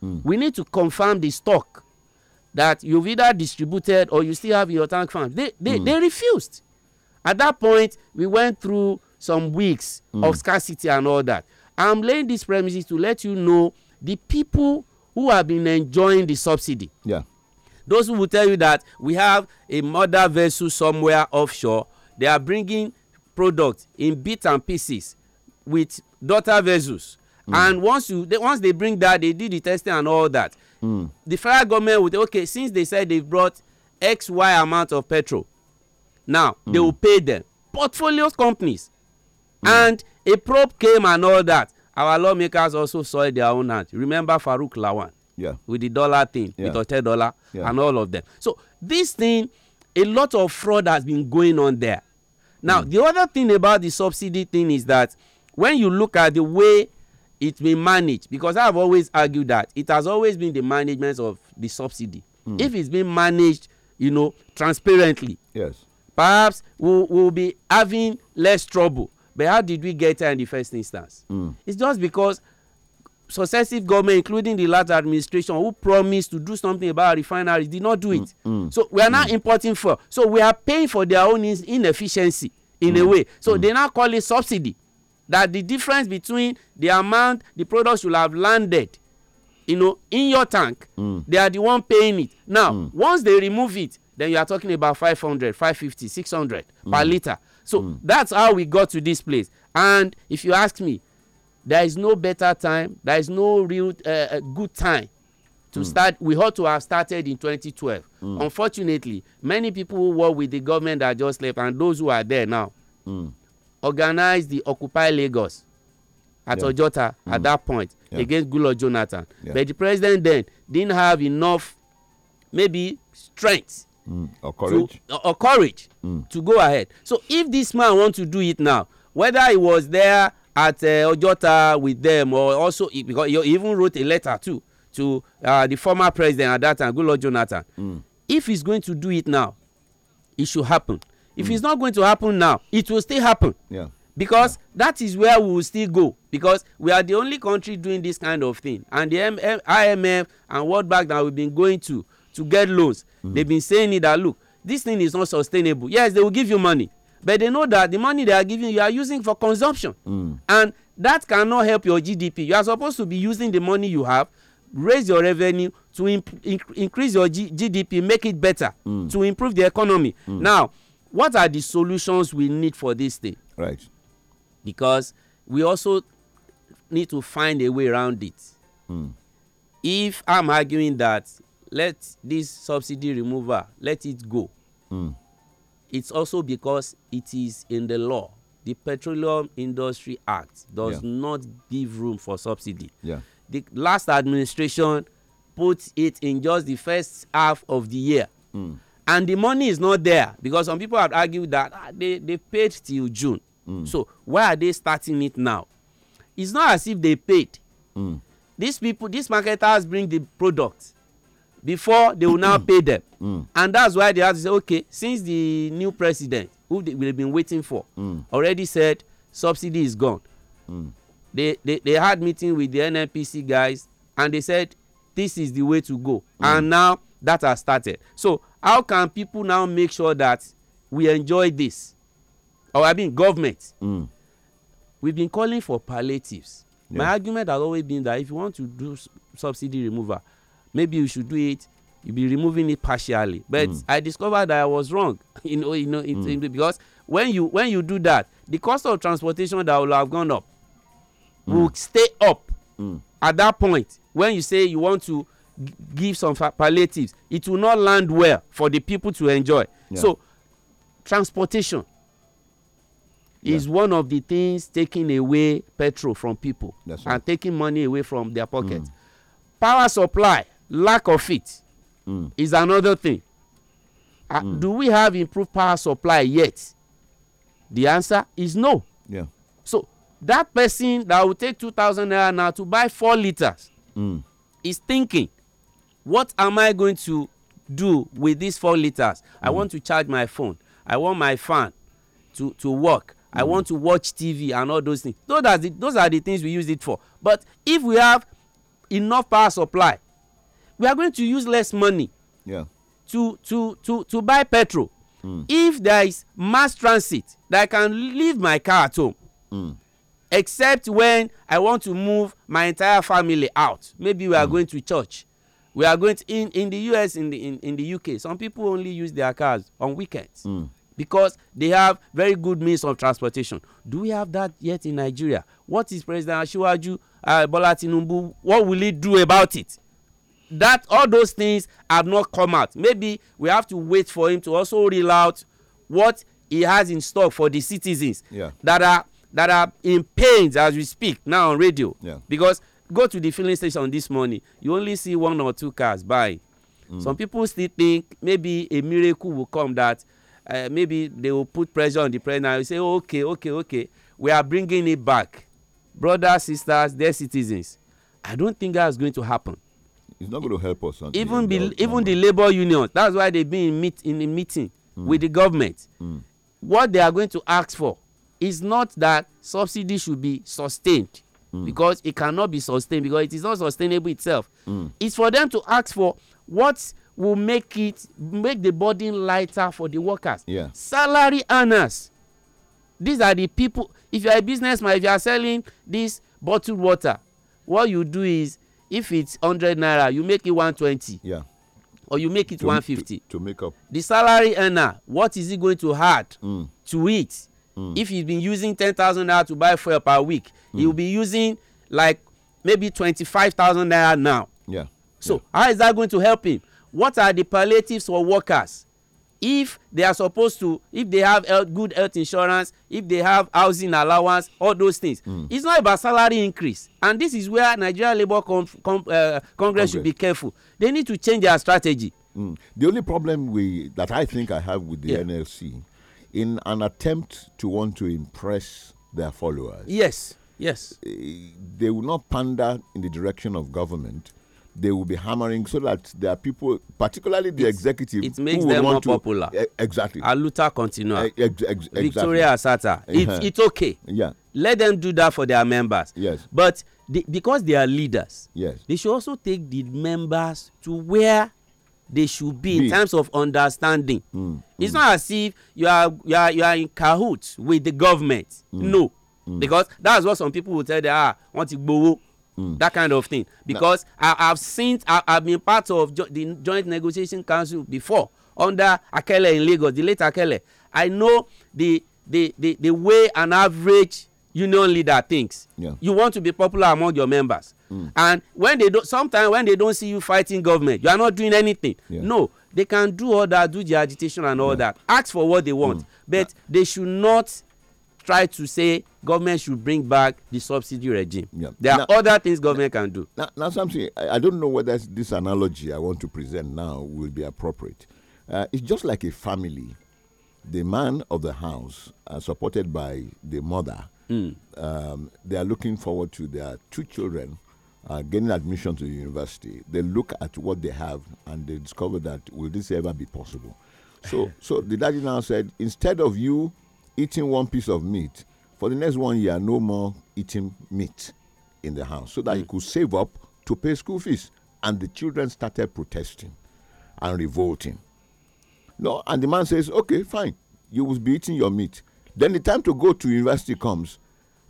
Hmm. We need to confirm the stock that you've either distributed or you still have your tank farm. They, they, mm. they refused. At that point, we went through some weeks mm. of scarcity and all that. I'm laying these premises to let you know the people who have been enjoying the subsidy. Yeah. Those who will tell you that we have a mother vessel somewhere offshore, they are bringing product in bits and pieces with daughter vessels Mm. and once you they, once they bring that they do the testing and all that mm. the federal government will say okay since they said they brought x y amount of petrol now mm. they will pay them portfolio companies and a probe came and all that our lawmakers also soil their own hands remember farouk lawan yeah. with the dollar thing yeah. with ten dollar yeah. and all of them so this thing a lot of fraud has been going on there now mm. the other thing about the subsidy thing is that when you look at the way it's been managed because i've always argued that it has always been the management of the subsidy mm. if it's been managed you know transparently yes perhaps we'll, we'll be having less trouble but how did we get here in the first instance mm. it's just because successive government including the last administration who promised to do something about refineries did not do hmm. it mm. so we are now hmm. importing fuel so we are paying for their own inefficiency in a hmm. way so they now call it subsidy that the difference between the amount the product should have landed you know in your tank mm. they are the one paying it now mm. once they remove it then you are talking about 500 550 600 mm. per litre so mm. that's how we got to this place and if you ask me there is no better time there is no real uh, uh good time to mm. start we ought to have started in 2012 mm. unfortunately many people who work with the government are just left and those who are there now mm organized the Occupy Lagos at yeah. Ojota mm. at that point yeah. against Gulo Jonathan. Yeah. But the president then didn't have enough, maybe strength mm. or courage, to, or courage mm. to go ahead. So if this man want to do it now, whether he was there at uh, Ojota with them or also he, because he even wrote a letter too to uh, the former president at that time, Gulo Jonathan. Mm. If he's going to do it now, it should happen. if mm. it's not going to happen now it will still happen yeah. because yeah. that is where we will still go because we are the only country doing this kind of thing and the M M imf and world bank that we've been going to to get loans mm. they've been saying it that look this thing is not sustainable yes they will give you money but they know that the money they are giving you are using for consumption mm. and that cannot help your gdp you are supposed to be using the money you have raise your revenue to inc increase your G gdp make it better mm. to improve the economy mm. now what are the solutions we need for this thing? Right. Because we also need to find a way around it. Mm. If I'm arguing that let this subsidy remover let it go. Mm. It's also because it is in the law. The Petroleum Industry Act does yeah. not give room for subsidy. Yeah. The last administration put it in just the first half of the year. Mm. and the money is not there because some people have argued that ah, they they paid till june mm. so why are they starting it now it's not as if they paid mm. these people these marketers bring the product before they will now mm. pay them mm. and that's why they have to say okay since the new president who they have been waiting for mm. already said subsidy is gone mm. they, they they had meeting with the nnpc guys and they said this is the way to go and now that has started so how can people now make sure that we enjoy this or i mean government mm. we've been calling for palliatives yeah. my argument has always been that if you want to do subsidy removal maybe you should do it you be removing it partially but mm. i discovered that i was wrong you know you know in, mm. because when you when you do that the cost of transportation that will have gone up mm. will stay up mm. at that point when you say you want to give some palliatives it will not land well for the people to enjoy yeah. so transportation yeah. is one of the things taking away petrol from people and taking money away from their pockets mm. power supply lack of it mm. is another thing uh, mm. do we have improved power supply yet the answer is no yeah. so that person that will take two thousand naira now to buy four liters mm. is thinking what am i going to do with these four liters mm. i want to charge my phone i want my fan to to work mm. i want to watch tv and all those things those are the those are the things we use it for but if we have enough power supply we are going to use less money yeah. to to to to buy petrol mm. if there is mass transit that i can leave my car at home mm. except when i want to move my entire family out maybe we are mm. going to church we are going to, in in the us in the in, in the uk some people only use their cars on weekends mm. because they have very good means of transportation do we have that yet in nigeria what is president asiwaju uh, bola tinubu what will he do about it that all those things have not come out maybe we have to wait for him to also reel out what he has in store for the citizens yeah. that are that are in pains as we speak now on radio yeah. because go to the filling station this morning you only see one or two cars buy. Mm. some people still think maybe a miracle will come that uh, maybe they will put pressure on the president and say okay okay okay we are bringing it back brothers sisters their citizens i don't think that is going to happen. it's not going to help us. even be, even the labor union. that's why they been in meet in a meeting mm. with the government. Mm. what they are going to ask for is not that subsidy should be sustained Mm. because it cannot be sustained because it is not sustainable itself. Mm. It's for them to ask for what will make it make the burden lighter for the workers. Yeah. Salary earners. These are the people. If you are a businessman, if you are selling this bottled water, what you do is if it's hundred naira, you make it one twenty. Yeah. Or you make it one fifty. To, to, make up. The salary earner, what is he going to add mm. to it? Mm. If he's been using 10,000 naira to buy fuel per week, mm. he'll be using like maybe 25,000 naira now. Yeah. So yeah. how is that going to help him? What are the palliatives for workers? If they are supposed to, if they have health, good health insurance, if they have housing allowance, all those things. Mm. It's not about salary increase. And this is where Nigeria Labour com, com, uh, Congress, Congress should be careful. They need to change their strategy. Mm. The only problem we, that I think I have with the yeah. NLC in an attempt to want to impress their followers. Yes, yes. Eh, they will not pander in the direction of government. They will be hammering so that there are people, particularly the it's, executive, it makes them more to, popular. Eh, exactly. Aluta continua. Eh, ex ex Victoria exactly. Asata. It's, uh-huh. it's okay. Yeah. Let them do that for their members. Yes. But because they are leaders, yes, they should also take the members to where they should be, be. in terms of understanding. Mm, mm. It's not as if you are you are you are in cahoots with the government. Mm, no, mm. because that's what some people will tell them. Ah, want to go. That kind of thing. Because no. I have seen I have been part of jo the joint negotiation council before under Akele in Lagos, the late Akele. I know the the the the way an average union leader thinks. Yeah. You want to be popular among your members Mm. And when they do not sometimes when they don't see you fighting government, you are not doing anything. Yeah. No, they can do all that, do the agitation and all yeah. that. Ask for what they want. Mm. But they should not try to say government should bring back the subsidy regime. Yeah. There now, are other things government now, can do. Now, now something I, I, don't know whether this analogy I want to present now will be appropriate. Uh, it's just like a family. The man of the house, uh, supported by the mother, mm. um, they are looking forward to their two children uh, getting admission to the university, they look at what they have and they discover that will this ever be possible? So, so the daddy now said, instead of you eating one piece of meat for the next one year, no more eating meat in the house, so that mm. you hmm. could save up to pay school fees. And the children started protesting and revolting. No, and the man says, okay, fine, you will be eating your meat. Then the time to go to university comes,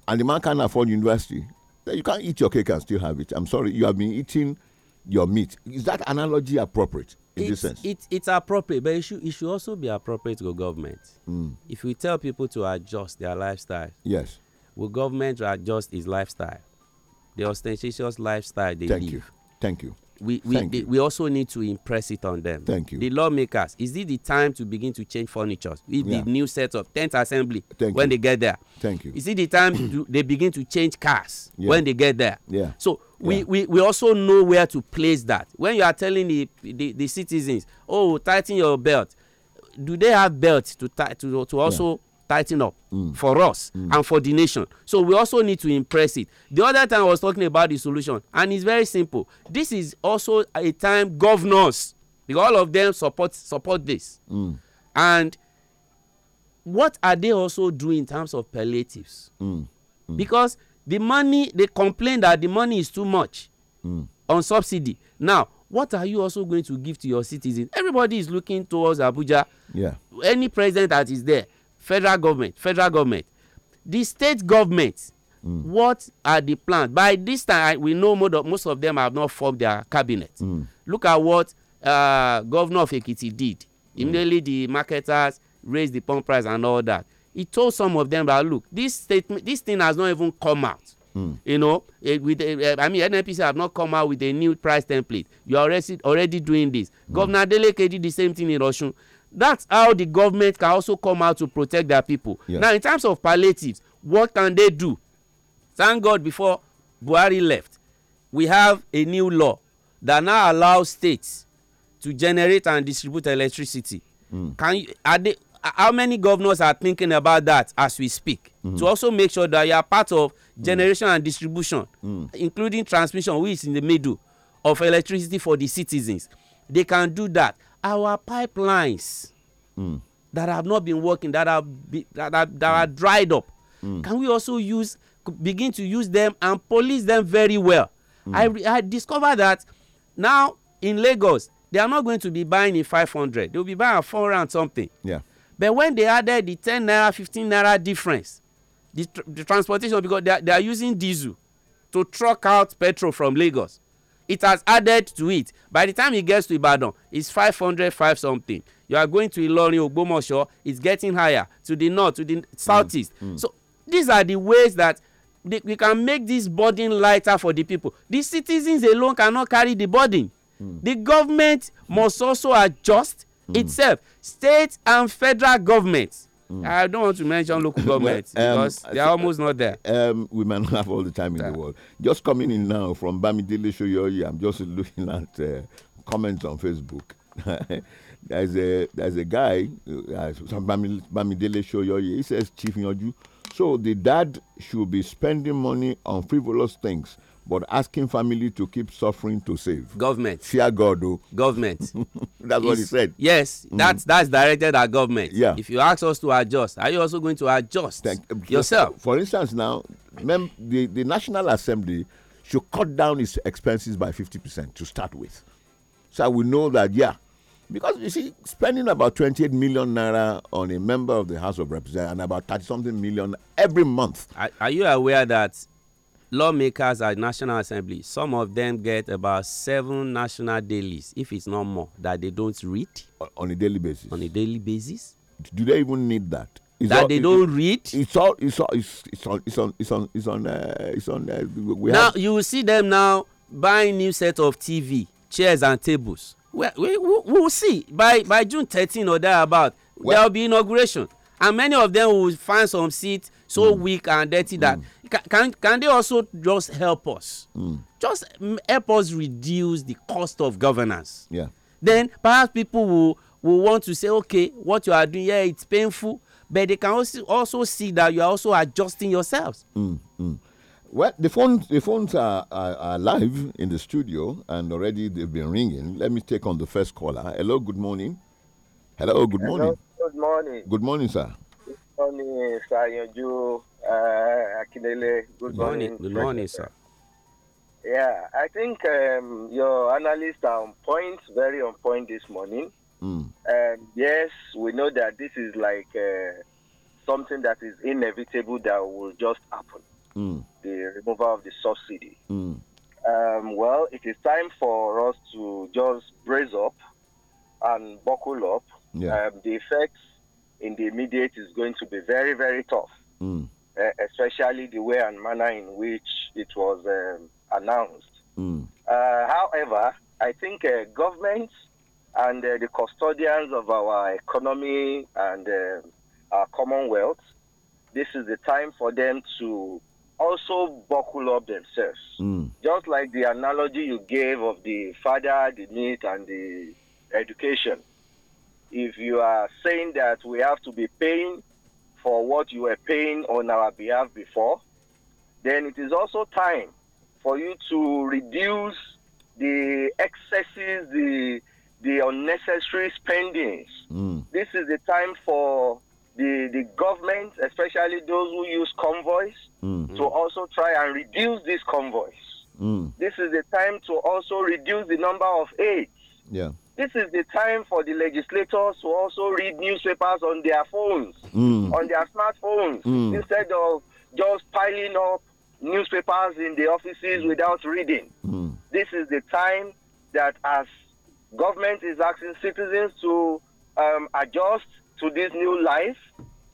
and the man can't afford university. you can't eat your cake and still have it. I'm sorry, you have been eating your meat. Is that analogy appropriate in it's, this sense? It, it's appropriate, but it should, it should also be appropriate to government. Mm. If we tell people to adjust their lifestyle, yes, will government adjust its lifestyle, the ostentatious lifestyle they Thank live? Thank you. Thank you we we they, we also need to impress it on them. Thank you. The lawmakers, is this the time to begin to change furniture with yeah. the new set of tenth assembly Thank when you. they get there? Thank you. Is it the time to, they begin to change cars yeah. when they get there? Yeah. So we, yeah. we we also know where to place that. When you are telling the the, the citizens, oh, tighten your belt, do they have belts to tie to to also tighten up mm. for us mm. and for the nation. So we also need to impress it. The other time I was talking about the solution, and it's very simple. This is also a time governors, because all of them support support this. Mm. And what are they also doing in terms of palliatives? Mm. Mm. Because the money they complain that the money is too much mm. on subsidy. Now, what are you also going to give to your citizens? Everybody is looking towards Abuja. Yeah. Any president that is there, federal government federal government the state government mm. what are the plans by this time we know most of, them have not formed their cabinet mm. look at what uh, governor of ekiti did mm. immediately the marketers raised the pump price and all that he told some of them that look this statement this thing has not even come out Mm. you know it, eh, with uh, i mean nnpc have not come out with a new price template you are already already doing this mm. governor adeleke did the same thing in osun that's how the government can also come out to protect their people yes. now in terms of palliatives what can they do thank god before buhari left we have a new law that now allows states to generate and distribute electricity mm. can you, are they how many governors are thinking about that as we speak mm -hmm. to also make sure that you are part of hmm. generation mm. and distribution hmm. including transmission which is in the middle of electricity for the citizens they can do that our pipelines mm. that have not been working that are be, that are, that are dried up mm. can we also use begin to use them and police them very well mm. i i discover that now in lagos they are not going to be buying in five hundred they will be buying at four hundred something yeah. but when they added the ten naira fifteen naira difference the, the transportation because they are, they are using diesel to truck out petrol from lagos it has added to it by the time he gets to ibadan it's five hundred five something you are going to ilorin ogbomoso it's getting higher to the north to the southeast mm. mm. so these are the ways that they, we can make this burden lighter for the people the citizens alone cannot carry the burden mm. the government must also adjust mm. itself state and federal governments Mm. I don't want to mention local government well, um, because they are almost not there. Um, we may not have all the time in yeah. the world. Just coming in now from Bamidele Shoyoyi, I'm just looking at uh, comments on Facebook. there's a there's a guy, uh, uh Bamidele Shoyoyi. He says, Chief Nyoju, so the dad should be spending money on frivolous things but asking family to keep suffering to save. Government. Fear God, though. Government. that's it's, what he said. Yes, mm. that's that's directed at government. Yeah. If you ask us to adjust, are you also going to adjust Thank, um, yourself? For instance, now, the, the National Assembly should cut down its expenses by 50% to start with. So we know that, yeah, because you see, spending about 28 million naira on a member of the House of Representatives and about 30 something million every month. Are, are you aware that lawmakers at national assembly some of them get about seven national dailies if it's not more that they don't read. on a daily basis. on a daily basis. do they even need that. It's that all, they don't it, read. It's all. It's all. It's, it's on. It's on. It's on. It's on. Uh, it's on. Uh, now have, you will see them now buying new set of TV, chairs, and tables. Well, we we will see by by June thirteen or thereabout. Well, there will be inauguration, and many of them will find some seat so mm. weak and dirty that mm. can can they also just help us? Mm. Just mm, help us reduce the cost of governance. Yeah. Then perhaps people will will want to say, okay, what you are doing here yeah, it's painful, but they can also also see that you are also adjusting yourselves. Mm, well, the phones the phones are, are, are, live in the studio and already they've been ringing. Let me take on the first caller. Hello, good morning. Hello, good Hello, morning. Good morning. Good morning, sir morning, Sir Yonju uh, Akinele. Good morning. Good morning, sir. Yeah, I think um, your analysts are on point, very on point this morning. Mm. Um, yes, we know that this is like uh, something that is inevitable that will just happen mm. the removal of the subsidy. Mm. Um, well, it is time for us to just brace up and buckle up. Yeah. Um, the effects in the immediate is going to be very, very tough, mm. uh, especially the way and manner in which it was um, announced. Mm. Uh, however, I think uh, governments and uh, the custodians of our economy and uh, our commonwealth, this is the time for them to also buckle up themselves. Mm. Just like the analogy you gave of the father, the meat, and the education if you are saying that we have to be paying for what you were paying on our behalf before, then it is also time for you to reduce the excesses, the the unnecessary spendings. Mm. This is the time for the, the government, especially those who use convoys, mm. to also try and reduce these convoys. Mm. This is the time to also reduce the number of aids. Yeah this is the time for the legislators to also read newspapers on their phones, mm. on their smartphones, mm. instead of just piling up newspapers in the offices without reading. Mm. This is the time that as government is asking citizens to um, adjust to this new life,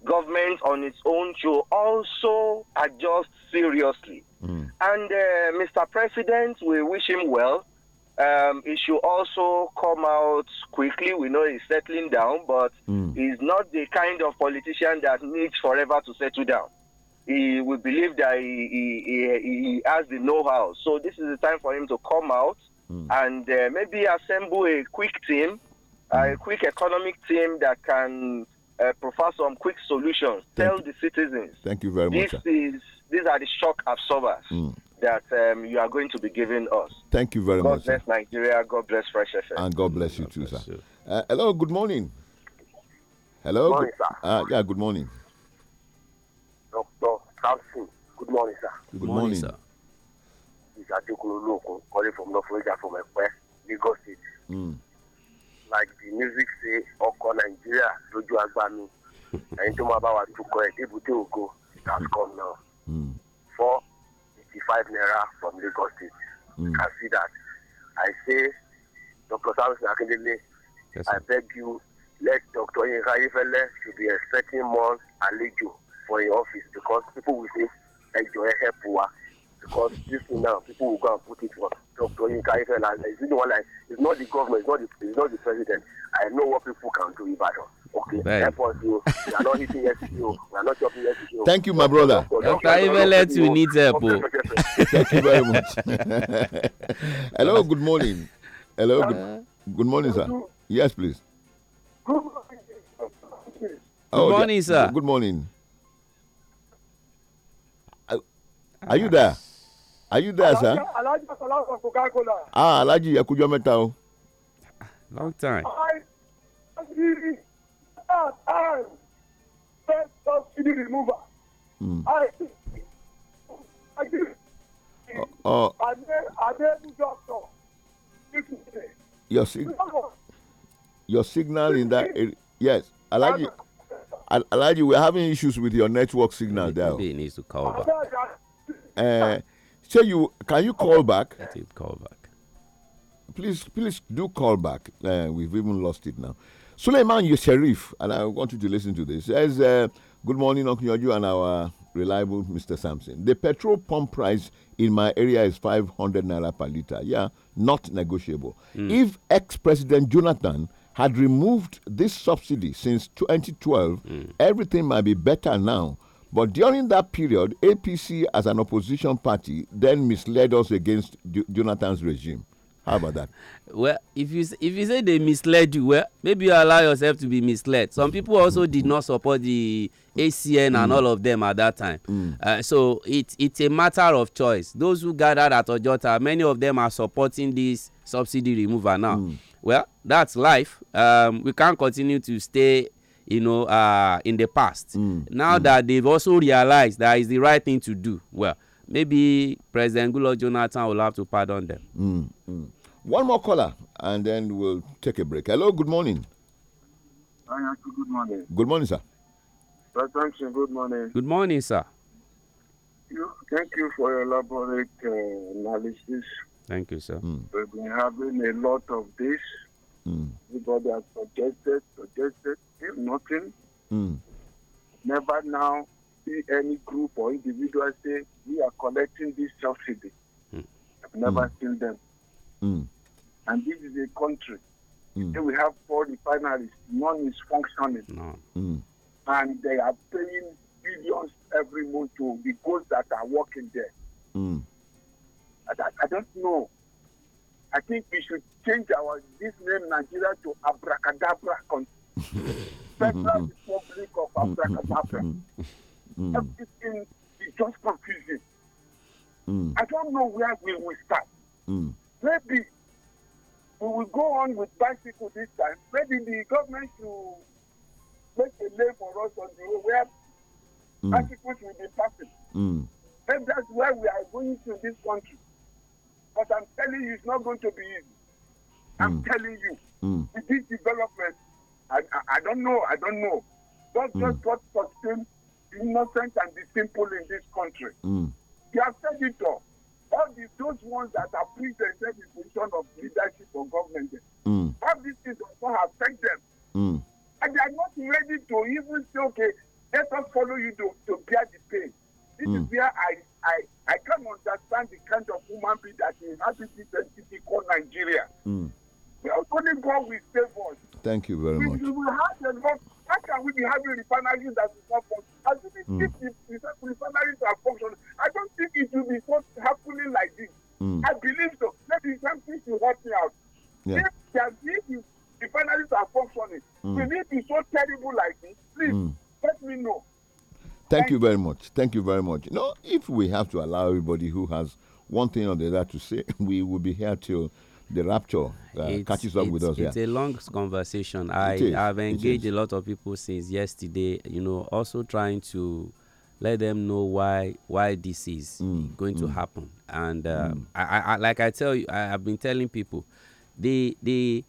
government on its own should also adjust seriously. Mm. And uh, Mr. President, we wish him well um, it should also come out quickly. We know he's settling down, but mm. he's not the kind of politician that needs forever to settle down. He we believe that he, he, he has the know-how. So this is the time for him to come out mm. and uh, maybe assemble a quick team, mm. a hmm. quick economic team that can uh, some quick solutions. Thank Tell you. the citizens. Thank you very this much. is these are the shock absorbers. Mm that um, you are going to be giving us. Thank you very God much. God bless sir. Nigeria. God bless Fresh FM. And God bless you God too, bless sir. You. Uh, hello. Good morning. Hello. Good morning, sir. Uh, yeah. Good morning. Doctor Samson. Good morning, sir. Good, morning, morning, sir. This is Adekunle Olokun calling from North Nigeria from Ekpe, Lagos State. Mm. Like the music say, ọkọ̀ Nigeria, lójú àgbà I Ẹni tó máa bá wa tukọ̀ ẹ̀ débùté it has come now. Mm. Four Forty-five naira from Lagos State. Mm. You hmm. can see that. I say, Dr. Samson Akindele, yes, I beg you, let Dr. Yinka Ifele should be expecting more Alejo for your office because people will say, Ejo help wa. Because this now, people will go and put it on Dr. Ifeanyi, like, it's not the government, it's not the, it's not the president. I know what people can do, Okay, you. We are not hitting We are not Thank you, my brother. Dr. Ivelet, you need help. Oh. Thank you very much. Hello, good morning. Hello, good, good morning, sir. Yes, please. good oh, morning sir. Good morning. Are you there? are you there sir. alhaji asalaam coca cola. ah alaji, ẹ could mẹ́ta o. long time. i see that time first subsidy remover. Mm. i i give. i ade ade doctor. your sig your signal in that area yes alaji. Alaji, we're having issues with your network signal there. He needs to call back. Uh, Say you can you call back? Let call back. Please, please do call back. Uh, we've even lost it now. Suleiman Yusherif, and I want you to listen to this. Says, uh, "Good morning, Okunyoju, and our reliable Mr. Sampson. The petrol pump price in my area is 500 naira per liter. Yeah, not negotiable. Mm. If ex-president Jonathan had removed this subsidy since 2012, mm. everything might be better now. But during that period, APC as an opposition party then misled us against J Jonathan's regime. How about that? well, if you if you say they misled you, well, maybe you allow yourself to be misled. Some people also did not support the ACN mm. and all of them at that time. Mm. Uh, so it it's a matter of choice. Those who gathered at Ojota, many of them are supporting this subsidy removal now. Mm. Well, that's life. Um, we can't continue to stay you know, uh, in the past. Mm. Now mm. that they've also realized that is the right thing to do, well, maybe President Goodluck Jonathan will have to pardon them. Mm. mm. One more caller, and then we'll take a break. Hello, good morning. good morning. Good morning, sir. thanks and good morning. Good morning, sir. thank you for your elaborate uh, analysis. Thank you, sir. Mm. We've been having a lot of this. Mm. Everybody has suggested, suggested still nothing. Mm. Never now see any group or individual say, we are collecting this subsidy. Mm. I've never mm. seen them. Hmm. And this is a country. Mm. we have four refineries, none is functioning. No. Hmm. And they are paying billions every month to the goods that are working there. Hmm. I, I don't know. I think we should change our this name Nigeria to Abracadabra country. Republic of Africa, Africa. Everything is just confusing. I don't know where we will start. Mm. Maybe we will go on with bicycle this time. Maybe the government should make a name for us on the road where mm. bicycles will be passing. Mm. that's where we are going to this country. But I'm telling you, it's not going to be easy. I'm mm. telling you, mm. with this development, I, I, don't know. I don't know. That's mm. just what sustains innocent and the simple in this country. Mm. They have said it all. All those ones that have put themselves in position of leadership or government, mm. all these things also affect them. Mm. And they are not ready to even say, okay, let us follow you to, to bear the pain. This mm. is where I, I, I can understand the kind of human being that inhabits this entity called Nigeria. Mm. Only God will save us. Thank you very we, much. We will have the How can we be having refineries that hmm. is not functioning? As we mm. if the refineries are functioning, I don't think it will be so happening like this. Mm. I believe so. Maybe something should help me out. Yeah. If, the, if the refineries are functioning, mm. will it be so terrible like this? Please, mm. let me know. Thank, Thank you very much. Thank you very much. You know, if we have to allow everybody who has one thing or the other to say, we will be here till the rapture uh, catches up with us. It's yeah. a long conversation. I have engaged a lot of people since yesterday. You know, also trying to let them know why why this is mm, going mm. to happen. And uh, mm. I, I, like I tell you, I have been telling people, the the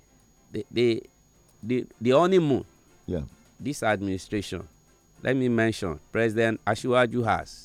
the the the, the honeymoon. Yeah. This administration. Let me mention President Ashura has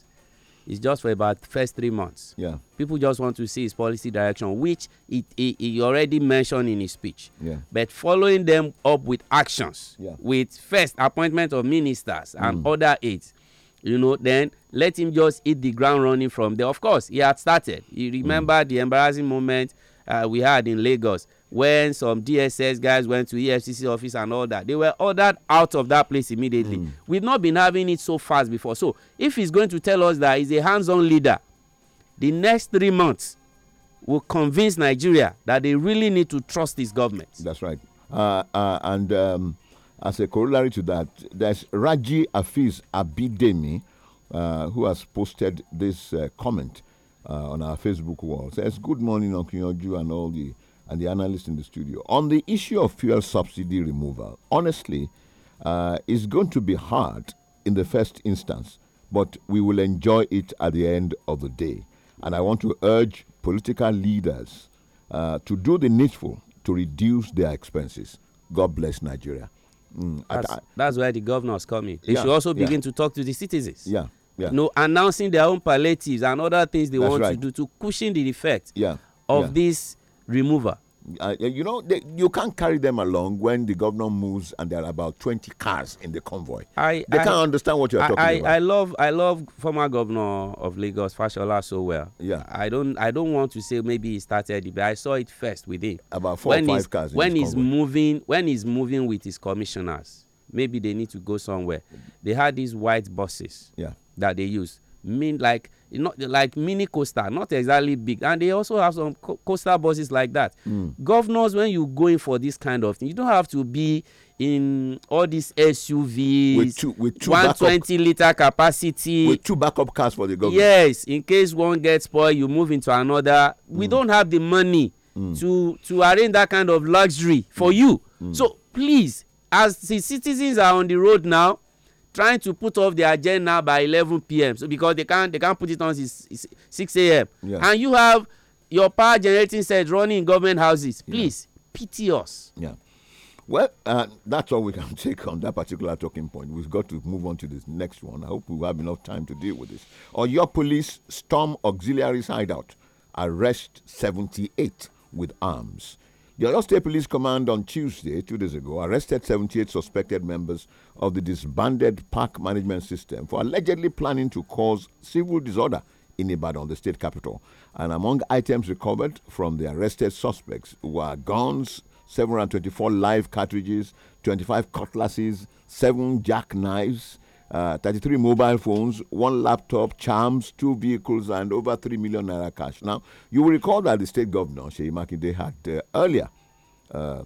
It's just for about first three months. Yeah. People just want to see his policy direction, which he, he, he already mentioned in his speech. Yeah. But following them up with actions, yeah. with first appointment of ministers and mm. other aides, you know, then let him just hit the ground running from there. Of course, he had started. You remember mm. the embarrassing moment uh, we had in Lagos when some dss guys went to efcc office and all that they were ordered out of that place immediately mm. we've not been having it so fast before so if he's going to tell us that he's a hands-on leader the next three months will convince nigeria that they really need to trust this government that's right uh, uh, and um, as a corollary to that there's raji afiz abidemi uh, who has posted this uh, comment uh, on our facebook wall it says good morning okunyoju and all the and the analyst in the studio. On the issue of fuel subsidy removal, honestly, uh, it's going to be hard in the first instance, but we will enjoy it at the end of the day. And I want to urge political leaders uh, to do the needful to reduce their expenses. God bless Nigeria. Mm, that's, I, that's, where the governors come in. They yeah, should also begin yeah. to talk to the citizens. Yeah. Yeah. No announcing their own palliatives and other things they that's want right. to do to cushion the effect yeah, of yeah. this remover. Uh, you know, they, you can't carry them along when the governor moves and there are about 20 cars in the convoy. I, they I, can't understand what you're I, talking I, about. I love, I love former governor of Lagos, Fashola, so well. Yeah. I don't, I don't want to say maybe he started it, but I saw it first with him. About four when five cars. when he's moving, when he's moving with his commissioners, maybe they need to go somewhere. They had these white buses. Yeah. That they use mean like not like mini coaster not exactly big and they also have some co coaster buses like that mm. governors when you going for this kind of thing you don't have to be in all these SUVs with two with two 120 backup, liter capacity with two backup cars for the government yes in case one gets spoiled you move into another mm. we hmm. don't have the money mm. to to arrange that kind of luxury for hmm. you hmm. so please as the citizens are on the road now trying to put off their agenda by 11 p.m. So because they can't they can't put it on 6, a.m. Yeah. And you have your power generating set running in government houses. Please yeah. pity us. Yeah. Well, uh, that's all we can take on that particular talking point. We've got to move on to this next one. I hope we have enough time to deal with this. Or your police storm side hideout, arrest 78 with arms. The Oyo State Police Command on Tuesday, two days ago, arrested 78 suspected members of the disbanded park management system for allegedly planning to cause civil disorder in Ibadan, the state capital. And among items recovered from the arrested suspects were guns, 724 live cartridges, 25 cutlasses, 7 jackknives, uh, 33 mobile phones, one laptop, charms, two vehicles, and over 3 million naira cash. Now, you will recall that the state governor, Shei Makinde, had uh, earlier uh,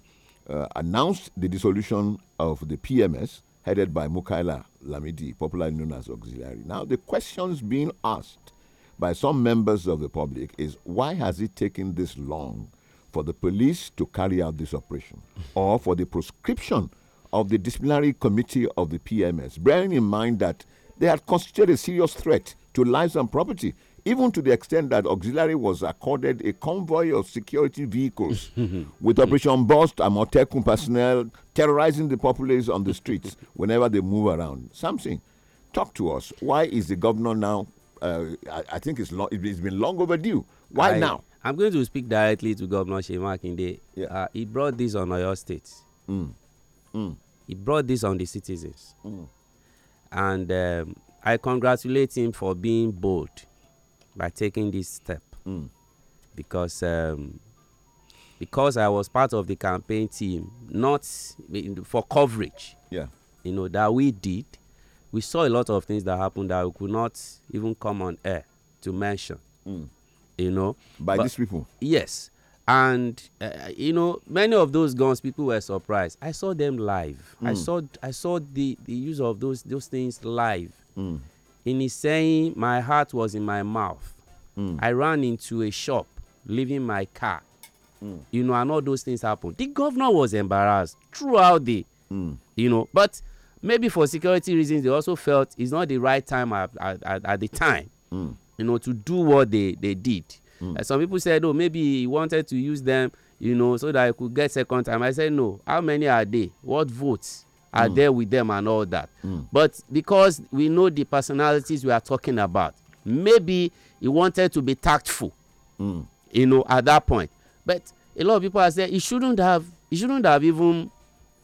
uh, announced the dissolution of the PMS headed by Mukaila Lamidi, popularly known as Auxiliary. Now, the questions being asked by some members of the public is why has it taken this long for the police to carry out this operation or for the proscription of the disciplinary committee of the PMS, bearing in mind that they had constituted a serious threat to lives and property, even to the extent that auxiliary was accorded a convoy of security vehicles hmm, hmm, hmm. with Operation Bust and Motekun personnel terrorizing the populace on the streets whenever they move around. Something, talk to us. Why is the governor now? Uh, I, I, think it's, long, it's been long overdue. Why I, now? I'm going to speak directly to Governor Shemakinde. Yeah. Uh, he brought this on Oyo State. Mm. Mm. he brought this on the citizens. Mm. And um, I congratulate him for being bold by taking this step. Mm. Because um, because I was part of the campaign team, not for coverage. Yeah. You know that we did. We saw a lot of things that happened that we could not even come on air to mention. Mm. You know. By but, these people. Yes, and uh, you know many of those guns people were surprised i saw them live mm. i hmm. saw i saw the the use of those those things live mm. in his saying my heart was in my mouth mm. i ran into a shop leaving my car hmm. you know and all those things happened the governor was embarrassed throughout the hmm. you know but maybe for security reasons they also felt it's not the right time at, at, at the time you know to do what they they did Mm. Uh, some people said, oh, maybe he wanted to use them, you know, so that he could get second time. I said, no. How many are they? What votes are mm. there with them and all that? Mm. But because we know the personalities we are talking about, maybe he wanted to be tactful, mm. you know, at that point. But a lot of people have said he shouldn't have, he shouldn't have even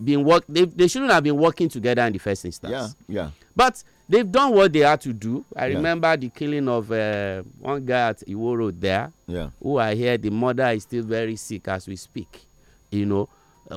been work. They, they shouldn't have been working together in the first instance. Yeah, yeah But they've done what they had to do. I yeah. remember the killing of uh, one guy at Iworo there, yeah. who I hear the mother is still very sick as we speak. You know, uh,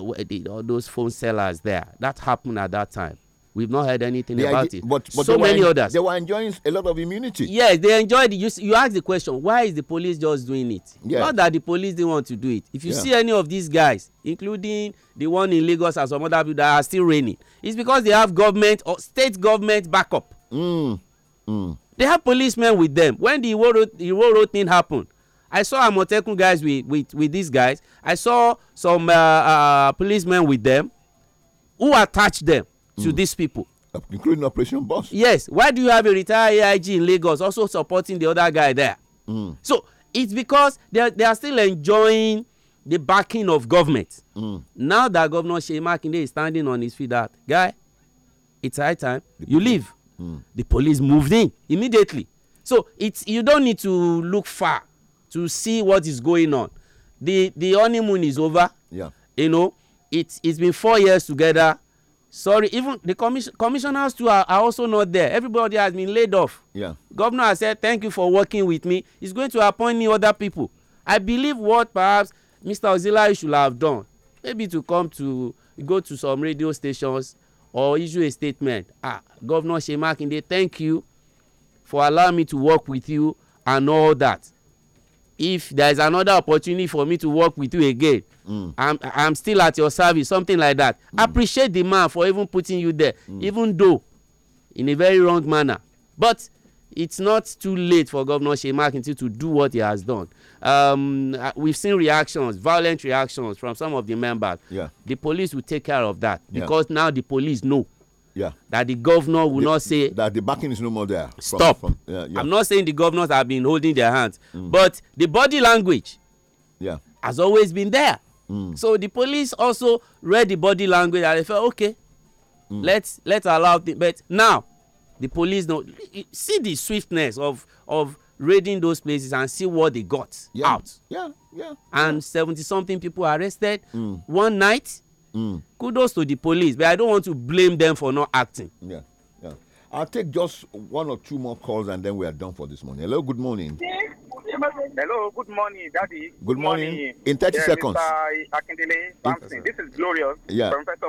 all those phone sellers there. That happened at that time. We've not heard anything they about are, it. But, but so many were, others. They were enjoying a lot of immunity. Yes, they enjoyed it. You, you ask the question, why is the police just doing it? Yes. Not that the police didn't want to do it. If you yeah. see any of these guys, including the one in Lagos and some other people that are still reigning, it's because they have government or state government backup. Mm. Mm. They have policemen with them. When the Iwo Road thing happened, I saw Amotekun guys with, with, with these guys. I saw some uh, uh, policemen with them who attached them to mm. these people. Uh, including Operation Boss. Yes. Why do you have a retired AIG in Lagos also supporting the other guy there? Mm. So it's because they are, they are still enjoying the backing of government. Mm. Now that Governor Shea is standing on his feet, that guy, it's high time the you leave. Mm. The police moved in immediately. So it's you don't need to look far to see what is going on. The the honeymoon is over. Yeah. You know, it's it's been four years together. sorry even the commission commissioners too are, are also not there everybody has been laid off yeah governor has said thank you for working with me he's going to appoint new other people i believe what perhaps mr auxiliary should have done maybe to come to go to some radio stations or issue a statement ah governor Seyi Makinde thank you for allowing me to work with you and all that if there is another opportunity for me to work with you again mm. i'm i'm still at your service something like that mm. appreciate the man for even putting you there mm. even though in a very wrong manner but it's not too late for governor shey makinti to do what he has done um, uh, we've seen reactions violent reactions from some of the members yeah. the police will take care of that yeah. because now the police know yeah. that the governor will the, not say that the backing is no more there. Stop. From, from, yeah, yeah. I'm not saying the governors have been holding their hands, mm. but the body language yeah. has always been there. Mm. So the police also read the body language and they felt okay, mm. let's let's allow the but now the police know see the swiftness of of raiding those places and see what they got yeah. out. Yeah, yeah. And seventy something people arrested mm. one night mm. kudos to the police but i don't want to blame them for not acting. Yeah, yeah. i'll take just one or two more calls and then we are done for this morning hello good morning. hello good morning daddy. good, good morning. morning. in thirty yeah, seconds. mr akindele samson this is glorious. yeah from first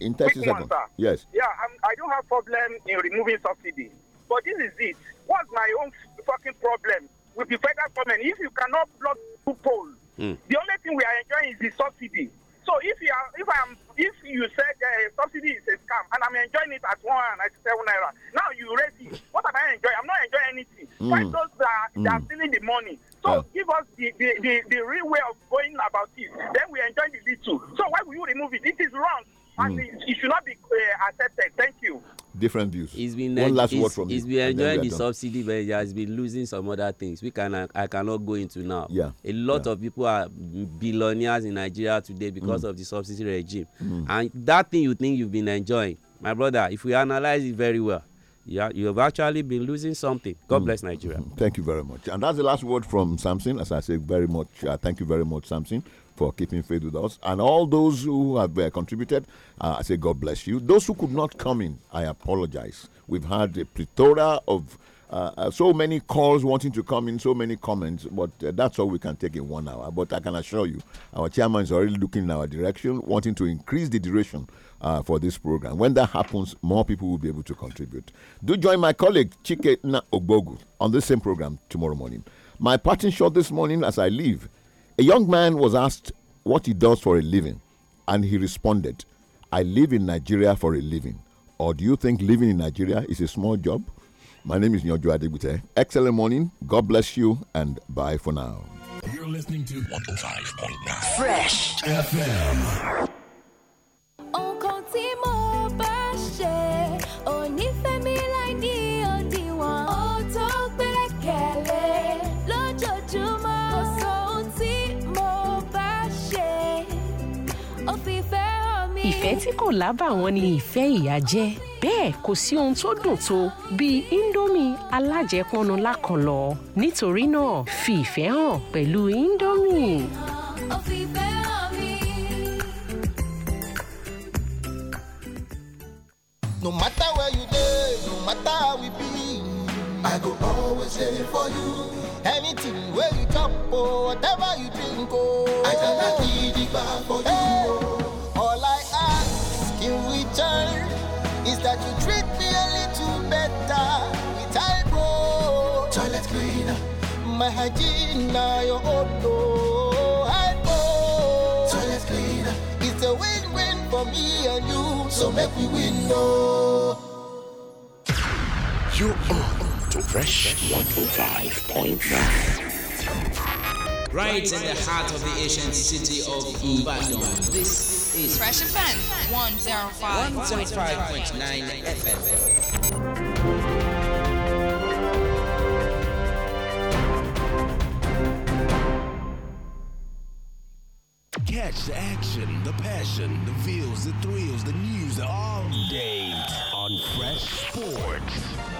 in thirty Quick seconds yes. yeah I'm, i do not have problem in removing subsidy but this is it what's my own fucking problem with the federal government if you cannot block two poles. Mm. the only thing we are enjoying is the subsidy so if you are, if I'm, if you said uh, subsidy is a scam and I'm enjoying it at seven naira, now you raise it. What am I enjoying? I'm not enjoying anything. Mm. Why those that are, are hmm. stealing the money? So uh. give us the, the, the, the, real way of going about it. Then we enjoy the little. So why will you remove it? It is wrong. Mm. And hmm. it, it, should not be uh, accepted. Thank you. different views. He's been one last word from he's you. He's been enjoying the subsidy, but he has been losing some other things. We can I, I cannot go into now. Yeah. A lot yeah. of people are billionaires in Nigeria today because mm. of the subsidy regime, mm. and that thing you think you've been enjoying, my brother. If we analyze it very well, yeah, you have actually been losing something. God mm. bless Nigeria. Mm-hmm. Thank you very much. And that's the last word from Samson. As I say, very much, uh, thank you very much, Samson, for keeping faith with us. And all those who have uh, contributed, uh, I say God bless you. Those who could not come in, I apologize. We've had a plethora of uh, uh so many calls wanting to come in, so many comments, but uh, that's all we can take in one hour. But I can assure you, our chairman is already looking in our direction, wanting to increase the duration uh, for this program. When that happens, more people will be able to contribute. Do join my colleague, Chike Na Ogbogu, on the same program tomorrow morning. My parting shot this morning as I leave a young man was asked what he does for a living, and he responded, I live in Nigeria for a living. Or do you think living in Nigeria is a small job? My name is Nyojo Adebute. Excellent morning. God bless you, and bye for now. You're listening to 105.9 Fresh FM. tí kò lábàwọ́n ni ìfẹ́ ìyá jẹ́ bẹ́ẹ̀ kò sí ohun tó dùn tó bíi indomie alájẹpọnu lákànlọ́ nítorí náà fi ìfẹ́ hàn pẹ̀lú indomie. No matter where you dey, no matter how we be, I go always dey for you. Anything wey you chop or oh, whatever you drink, oh, I gada gidigba for you. Hey. is that you treat me a little better with eyebrow. Toilet cleaner. My hygiene now your own door. Eyebrow. Toilet cleaner. It's a win-win for me and you, so make we win, no. You are to Fresh 105.9. Right in the heart of the ancient city of Ibadan. This is Fresh Offense 105.9 105. FM. Catch the action, the passion, the feels, the thrills, the news all day on Fresh Sports.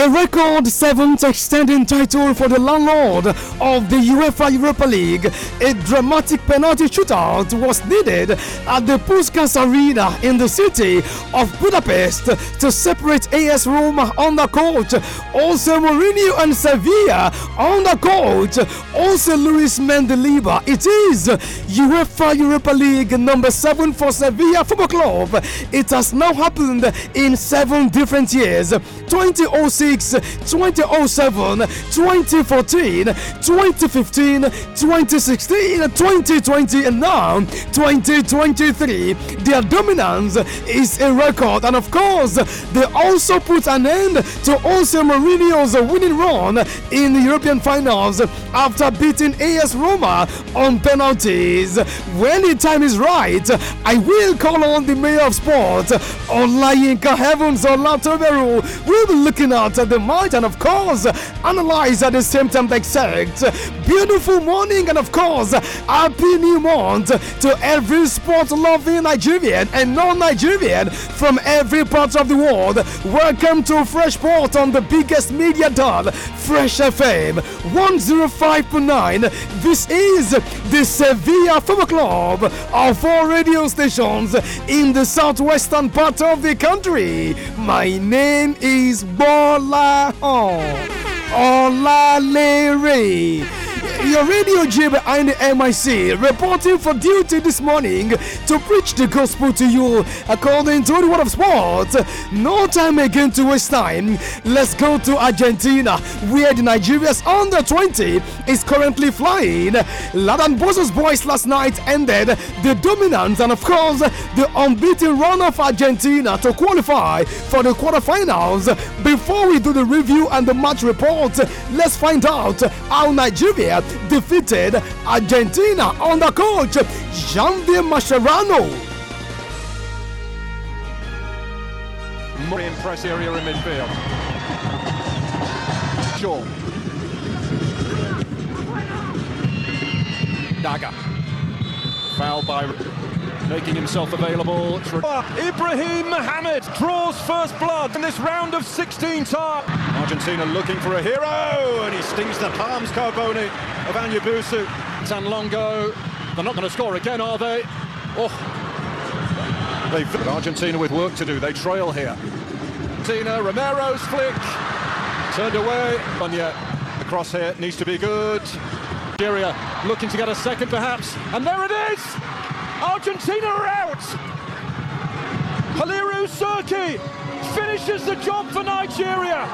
A record seventh extending title for the landlord of the UEFA Europa League. A dramatic penalty shootout was needed at the Puskas Arena in the city of Budapest to separate AS Roma on the court. Also Mourinho and Sevilla on the court. Also Luis Mendeliba. It is UEFA Europa League number seven for Sevilla Football Club. It has now happened in seven different years. 2006 2006, 2007, 2014, 2015, 2016, 2020, and now 2023. Their dominance is a record, and of course, they also put an end to Jose Mourinho's winning run in the European finals after beating AS Roma on penalties. When the time is right, I will call on the mayor of sport, Olayinka Heavens Olateberu. We'll be looking at the might and of course analyze at the symptoms they exact beautiful morning, and of course, happy new month to every sport loving Nigerian and non Nigerian from every part of the world. Welcome to Fresh Port on the biggest media dial, Fresh FM 105.9. This is the Sevilla Football Club, of four radio stations in the southwestern part of the country. My name is Bola Hon. Olalere your radio J behind the MIC reporting for duty this morning to preach the gospel to you according to the word of sport. No time again to waste time. Let's go to Argentina where the Nigeria's under 20 is currently flying. Ladan Bozo's boys last night ended the dominance and of course the unbeaten run of Argentina to qualify for the quarterfinals. Before we do the review and the match report, let's find out how Nigeria Australia defeated Argentina on the coach Janvier Mascherano. More in press area in midfield. Shaw. Dagger. Foul by making himself available. Ah, Ibrahim Mohamed draws first blood in this round of 16 tar. Argentina looking for a hero, and he stings the palms, Carboni, of Anyabusu. San Longo, they're not going to score again, are they? Oh. They've Argentina with work to do, they trail here. Argentina, Romero's flick, turned away. Bunya, the cross here needs to be good. Nigeria looking to get a second perhaps, and there it is! Argentina are out. Haliru Serki finishes the job for Nigeria.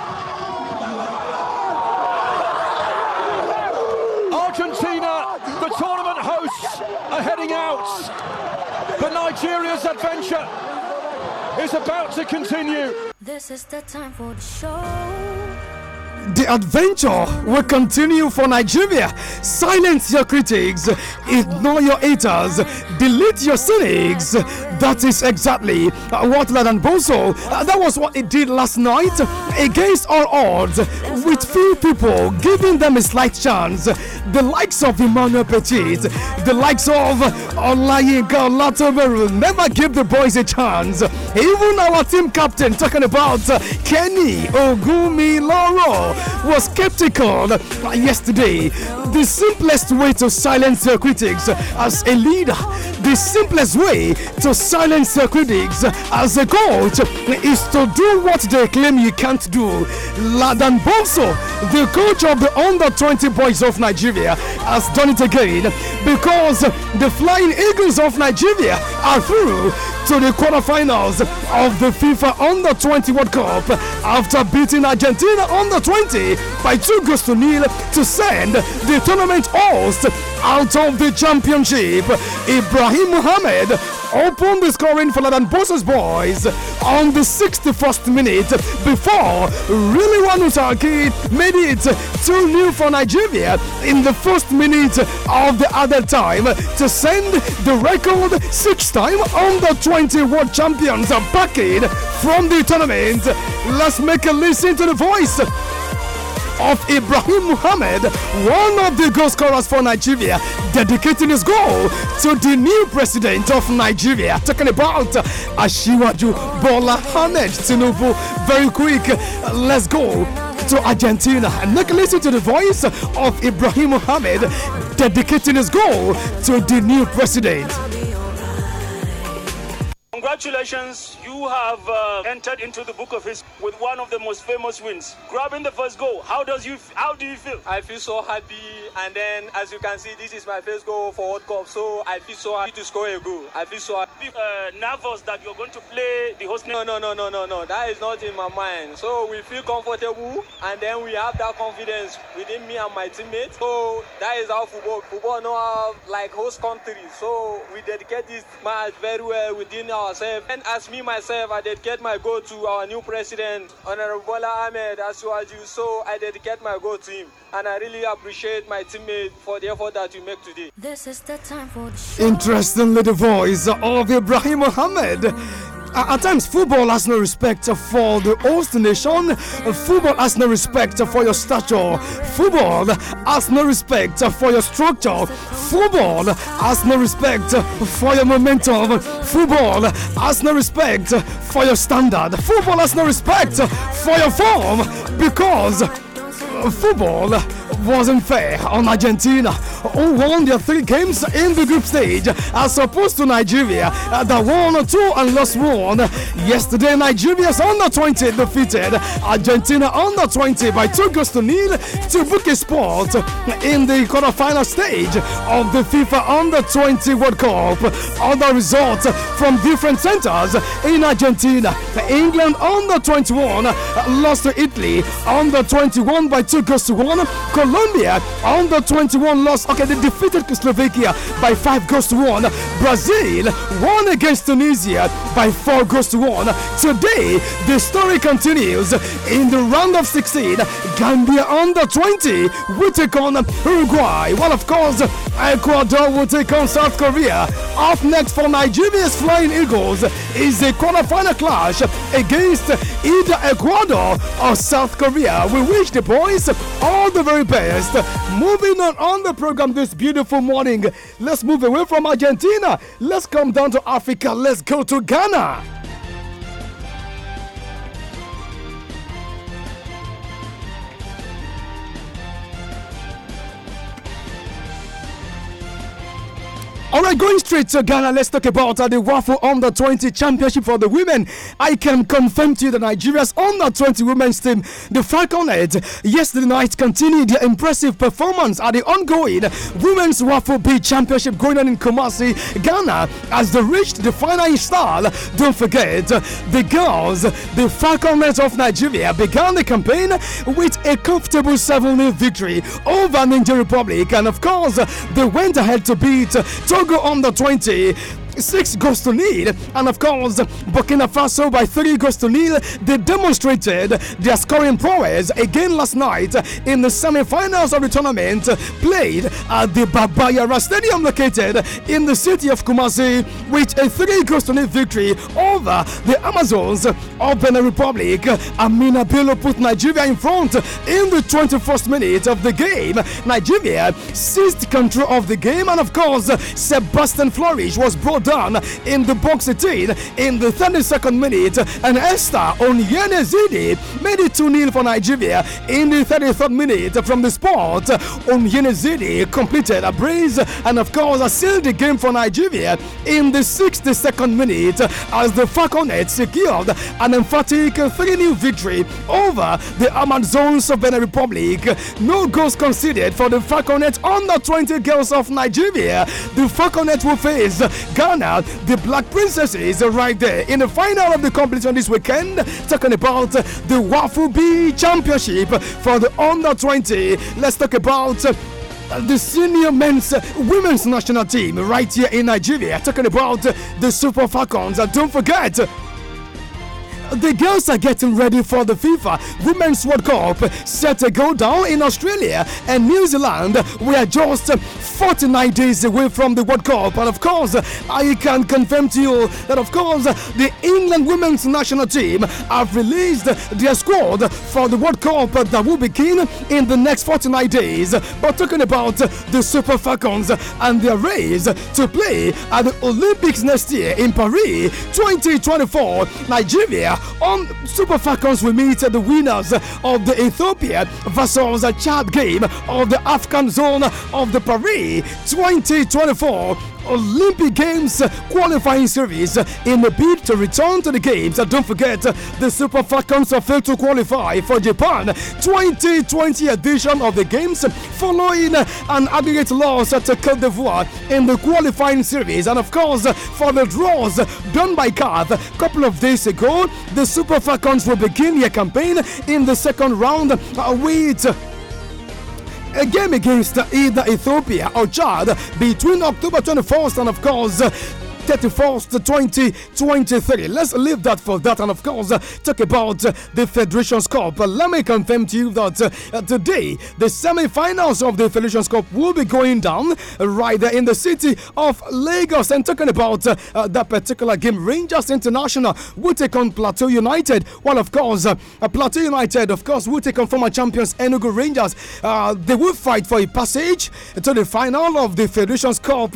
Argentina, the tournament hosts, are heading out. But Nigeria's adventure is about to continue. This is the time for the show. The adventure will continue for Nigeria. Silence your critics, ignore your haters, delete your cynics. That is exactly uh, what Ladan Boso, uh, that was what he did last night against all odds with few people giving them a slight chance. The likes of Emmanuel Petit, the likes of Olayinka Latomeru never give the boys a chance. Even our team captain talking about Kenny Ogumiloro was skeptical yesterday. The simplest way to silence your critics as a leader, the simplest way to silence your critics as a coach is to do what they claim you can't do. Ladan Bonso, the coach of the under 20 boys of Nigeria, has done it again because the Flying Eagles of Nigeria are through to the quarterfinals of the FIFA Under 20 World Cup after beating Argentina Under 20 by two goals to nil to send the tournament host out of the championship. Ibrahim Mohamed opened the scoring for Ladanbosa's boys on the 61st minute before really one made it 2 0 for Nigeria in the first minute of the other time to send the record six time under 20 world champions packing from the tournament. Let's make a listen to the voice of Ibrahim Mohamed, one of the goal scorers for Nigeria, dedicating his goal to the new president of Nigeria. Talking about Ashiwaju Bola Ahmed Tinubu. Very quick, let's go to Argentina. And look, listen to the voice of Ibrahim Mohamed dedicating his goal to the new president. Congratulations, you have uh, entered into the book of history with one of the most famous wins. Grabbing the first goal, how does you how do you feel? I feel so happy and then as you can see this is my first goal for World Cup so I feel so happy to score a goal. I feel so happy. Uh, nervous that you're going to play the host No, no, no, no, no, no. That is not in my mind. So we feel comfortable and then we have that confidence within me and my teammates. So that is how football. Football now have like host countries. So we dedicate this match very well within our ourselves. And as me myself, I did get my goal to our new president, Honorable Bola Ahmed you saw, I dedicate my goal to him. And I really appreciate my teammate for the effort that you make today. This is the time for the show. Interestingly, the voice of Ibrahim Mohammed at times, football has no respect for the host nation. Football has no respect for your stature. Football has no respect for your structure. Football has no respect for your momentum. Football has no respect for your standard. Football has no respect for your form because football wasn't fair on Argentina, who won their three games in the group stage, as opposed to Nigeria uh, that won two and lost one. Yesterday, Nigeria's under 20 defeated Argentina under 20 by two goals to nil to book a spot in the quarterfinal stage of the FIFA under 20 World Cup. Other results from different centers in Argentina. England under 21 lost to Italy under 21 by two goals to one. Colombia under 21 lost. Okay, they defeated Slovakia by 5 goals to 1. Brazil won against Tunisia by 4 goals to 1. Today, the story continues in the round of 16. Gambia under 20 will take on Uruguay. Well, of course, Ecuador will take on South Korea. Up next for Nigeria's Flying Eagles is a quarterfinal clash against either Ecuador or South Korea. We wish the boys all the very best best. Moving on on the program this beautiful morning, let's move away from Argentina. Let's come down to Africa. Let's go to Ghana. All right, going straight to Ghana, let's talk about uh, the Waffle Under 20 Championship for the women. I can confirm to you that Nigeria's Under 20 women's team, the Falconhead, yesterday night continued their impressive performance at the ongoing Women's Waffle B Championship going on in Kumasi, Ghana, as they reached the final star. Don't forget, the girls, the Falconheads of Nigeria, began the campaign with a comfortable 7 0 victory over Nigeria Republic. And of course, they went ahead to beat on under 20 six goals to nil, and of course, Burkina Faso by three goals to nil. They demonstrated their scoring prowess again last night in the semi-finals of the tournament played at the Babayara Stadium located in the city of Kumasi, with a three goals to nil victory over the Amazons of Benin Republic. Amina Bello put Nigeria in front in the 21st minute of the game. Nigeria seized control of the game, and of course, Sebastian Flourish was brought done in the box 18 in the 32nd minute, and Esther Onyenezidi made it 2 0 for Nigeria in the 33rd minute from the spot. Onyenezidi completed a brace and, of course, sealed the game for Nigeria in the 62nd minute as the Falconet secured an emphatic 3 0 victory over the Amazons of Benin Republic. No goals conceded for the Falconet under 20 girls of Nigeria. The Falconet will face Ghana out. The Black Princesses are right there in the final of the competition this weekend. Talking about the Waffle B Championship for the under 20. Let's talk about uh, the senior men's women's national team right here in Nigeria. Talking about the Super Falcons. And uh, don't forget, the girls are getting ready for the FIFA Women's World Cup set to go down in Australia and New Zealand. We are just 49 days away from the World Cup, and of course, I can confirm to you that, of course, the England women's national team have released their squad for the World Cup that will begin in the next 49 days. But talking about the Super Falcons and their race to play at the Olympics next year in Paris 2024, Nigeria on Super Falcons will meet the winners of the Ethiopia versus Chad game of the African zone of the Paris 2024 Olympic Games qualifying series in a bid to return to the Games. Don't forget, the Super Falcons failed to qualify for Japan 2020 edition of the Games following an aggregate loss to Cote d'Ivoire in the qualifying series. And of course, for the draws done by CAF a couple of days ago, the Super Falcons will begin their campaign in the second round with a game against either Ethiopia or Chad between October 21st and, of course, 31st 2023. Let's leave that for that and, of course, uh, talk about uh, the Federation's Cup. Uh, let me confirm to you that uh, today the semi finals of the Federation's Cup will be going down right there in the city of Lagos. And talking about uh, that particular game, Rangers International will take on Plateau United. Well, of course, uh, Plateau United, of course, will take on former champions Enugu Rangers. they will fight for a passage to the final of the Federation's Cup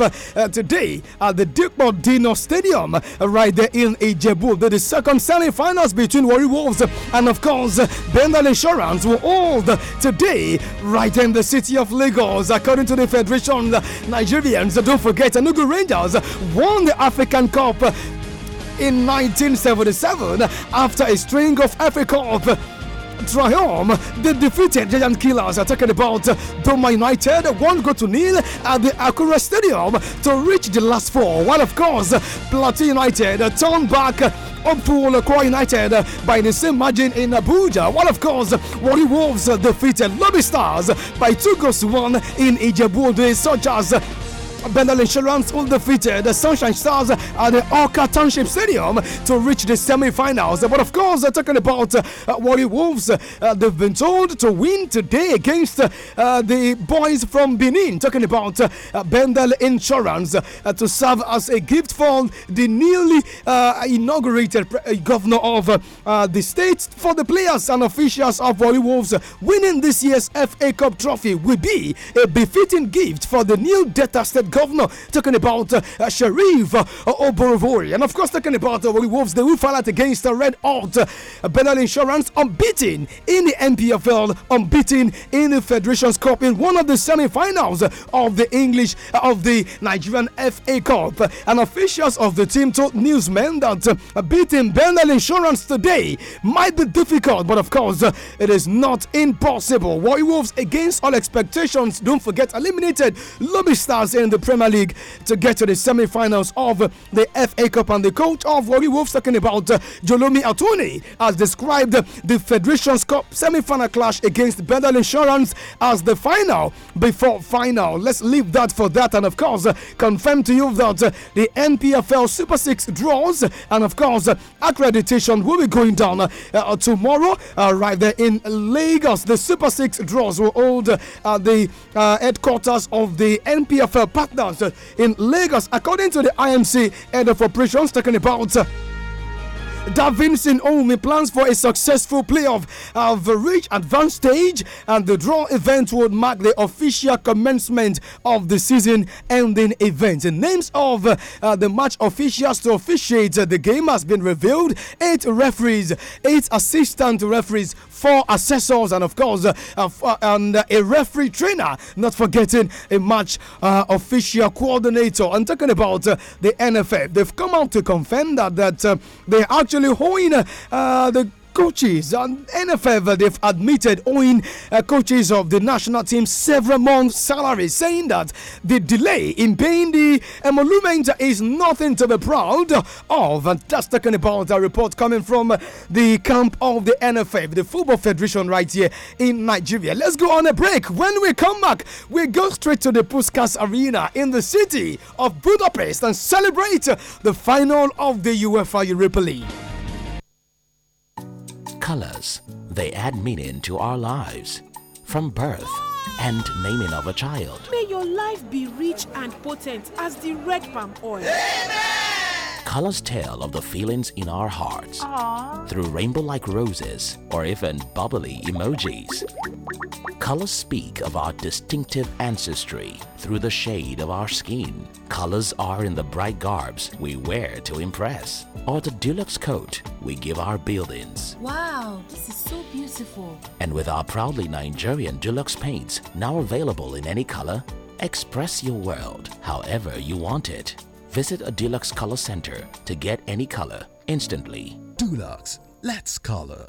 today at the Duke. Dino Stadium right there in Ijebu. The second semi-finals between Warri Wolves and of course Bendal Insurance were hold today right in the city of Lagos. According to the Federation, Nigerians, don't forget, Enugu Rangers won the African Cup in 1977 after a string of Africa Cup Triumph! they defeated Giant Killers, talking about Doma United, one go to nil at the Akura Stadium to reach the last four. While, of course, Plateau United turned back hopeful Kwara United by the same margin in Abuja. While, of course, Wari Wolves defeated Lobby Stars by two goals to one in Ijebu, such as Bendel Insurance will defeat the Sunshine Stars at the Orca Township Stadium to reach the semi-finals. But of course, uh, talking about uh, Wolves, uh, they've been told to win today against uh, the boys from Benin. Talking about Bendel Insurance to serve as a gift for the newly inaugurated governor of the state for the players and officials of Warri Wolves. Winning this year's FA Cup trophy will be a befitting gift for the new Delta State governor, talking about uh, uh, Sharif uh, uh Oborovori. And of course, talking about the uh, Wolves, they will fall out against the Red Heart, Uh, Benal Insurance unbeaten in the NPFL, unbeaten in the Federation's Cup in one of the semi finals of the English, of the Nigerian FA Cup. And officials of the team told newsmen that beating Benal Insurance today might be difficult, but of course, it is not impossible. Wolves, against all expectations, don't forget, eliminated Lobby Stars in the the Premier League to get to the semi finals of the FA Cup. And the coach of Warri Wolves, talking about uh, Jolomi Atuni, has described the Federations Cup semi final clash against Bedell Insurance as the final before final. Let's leave that for that. And of course, uh, confirm to you that uh, the NPFL Super Six draws and of course, uh, accreditation will be going down uh, uh, tomorrow right there in Lagos. The Super Six draws will hold the headquarters of the NPFL in Lagos, according to the IMC head of operations, talking about Davinson only plans for a successful playoff of the reach advanced stage, and the draw event would mark the official commencement of the season ending event. The names of uh, the match officials to officiate the game has been revealed. Eight referees, eight assistant referees, four assessors, and of course, uh, uh, and a referee trainer. Not forgetting a match uh, official coordinator. I'm talking about uh, the NFF. They've come out to confirm that that uh, they actually actually uh, the coaches and NFF they've admitted owing uh, coaches of the national team several months' salaries, saying that the delay in paying the emoluments is nothing to be proud of. And that's talking about a report coming from the camp of the NFF, the Football Federation, right here in Nigeria. Let's go on a break. When we come back, we go straight to the Puskas Arena in the city of Budapest and celebrate the final of the UEFA Europa League colors, they add meaning to our lives from birth and naming of a child. May your life be rich and potent as the red palm oil. Amen. Colors tell of the feelings in our hearts Aww. through rainbow like roses or even bubbly emojis. Colors speak of our distinctive ancestry through the shade of our skin. Colors are in the bright garbs we wear to impress or the deluxe coat we give our buildings. Wow. Wow, this is so beautiful. And with our proudly Nigerian deluxe paints now available in any color, express your world however you want it. Visit a deluxe color center to get any color instantly. Dulux, let's color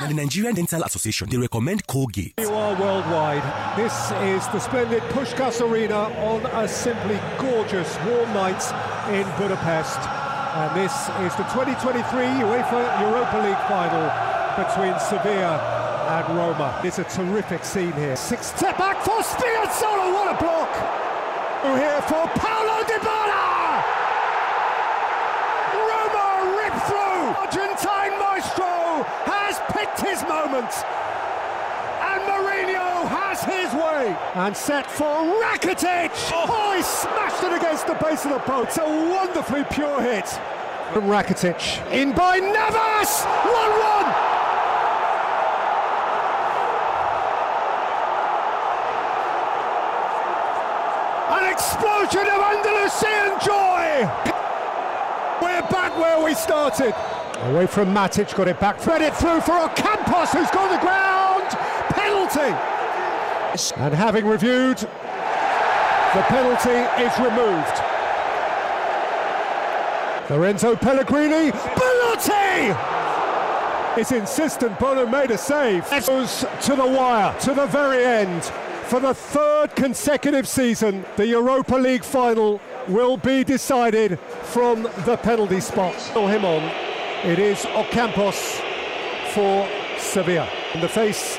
Now, the Nigerian Dental Association, they recommend Colgate. You are worldwide. This is the splendid Pushkas Arena on a simply gorgeous warm night in Budapest. And this is the 2023 UEFA Europa League final between Sevilla and Roma. It's a terrific scene here. Six step back for Spinazzola. What a block! We're here for Paolo Di Bala. his moment. And Mourinho has his way. And set for Rakitic. Oh. oh, he smashed it against the base of the post. A wonderfully pure hit. From Rakitic. In by Navas. 1 1. an explosion of Andalusian joy. We're back where we started. Away from Matic, got it back, it through for Ocampos, who's gone the ground! Penalty! And having reviewed, the penalty is removed. Lorenzo Pellegrini, Bellotti! It's insistent, Bono made a save. Goes to the wire, to the very end. For the third consecutive season, the Europa League final will be decided from the penalty spot. Him on. It is Ocampos for Sevilla. In the face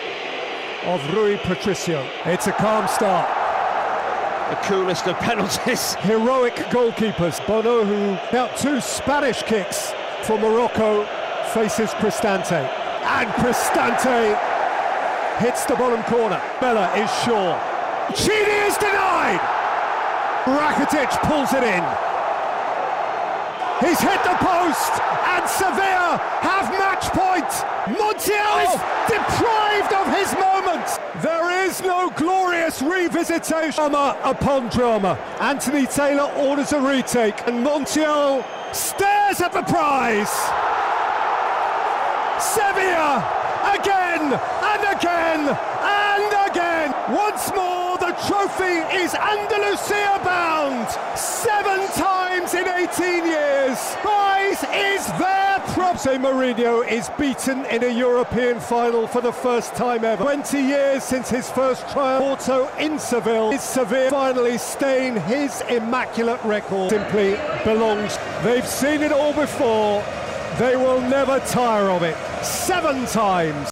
of Rui Patricio. It's a calm start. The coolest of penalties. Heroic goalkeepers. Bono, who out two Spanish kicks for Morocco, faces Cristante. And Cristante hits the bottom corner. Bella is sure. Chidi is denied! Rakitic pulls it in. He's hit the post, and Sevilla have match point. Montiel is deprived of his moment. There is no glorious revisitation. Drama upon drama. Anthony Taylor orders a retake, and Montiel stares at the prize. Sevilla again and again and again. Once more trophy is Andalusia bound. Seven times in 18 years. Prize is their prop. Jose Mourinho is beaten in a European final for the first time ever. 20 years since his first triumph. Porto in Seville is Seville finally stain his immaculate record. Simply belongs. They've seen it all before. They will never tire of it. Seven times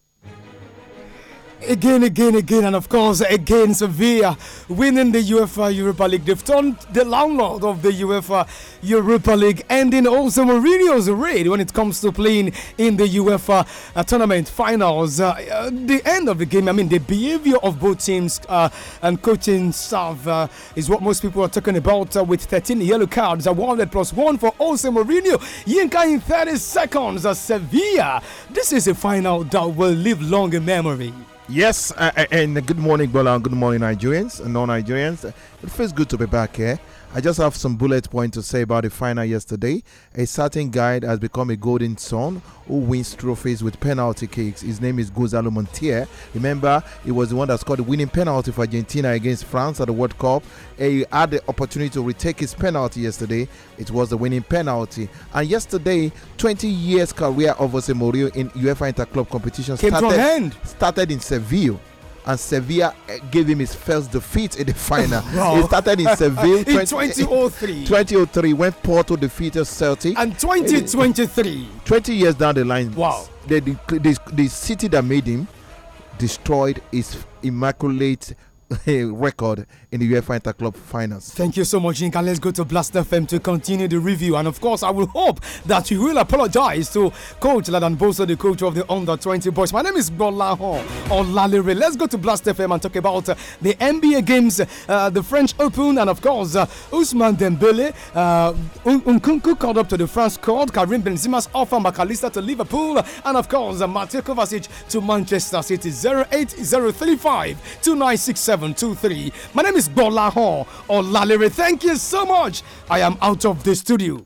again, again, again, and of course, again, Sevilla winning the UEFA Europa League. They've turned the landlord of the UEFA Europa League, ending also Mourinho's raid when it comes to playing in the UEFA uh, tournament finals. Uh, uh, the end of the game, I mean, the behavior of both teams uh, and coaching staff uh, is what most people are talking about uh, with 13 yellow cards, a 100 plus 1 for Jose Mourinho. Yinka in 30 seconds, uh, Sevilla. This is a final that will live long in memory. Yes, uh, uh, and good morning, Bola, good morning, Nigerians and non Nigerians. It feels good to be back here. I just have some bullet points to say about the final yesterday. A certain guide has become a golden son who wins trophies with penalty kicks. His name is Gonzalo Montier. Remember, he was the one that scored the winning penalty for Argentina against France at the World Cup. He had the opportunity to retake his penalty yesterday. It was the winning penalty. And yesterday, 20 years career of Jose Mourinho in UEFA Interclub competition started, started in Seville and Sevilla eh, gave him his first defeat in the final. Wow. It started in Seville in 20, 2003. Eh, 2003 when Porto defeated Celtic. And 2023. 20 years down the line. Wow. The, the, the, the city that made him destroyed his immaculate record in the UEFA Inter Club Finals. Thank you so much, Inka. Let's go to Blast FM to continue the review. And of course, I will hope that you will apologize to Coach Ladan Bosa, the coach of the Under 20 boys. My name is Bola Olalere. Let's go to Blast FM and talk about uh, the NBA games, uh, the French Open, and of course, uh, Ousmane Dembele. Uh, called up to the France squad. Karim Benzema's offer Alista to Liverpool. And of course, uh, Mateo Kovacic to Manchester City. 08035 2967. 0723. My name is Bola Hon Olalere. Thank you so much. I am out of the studio.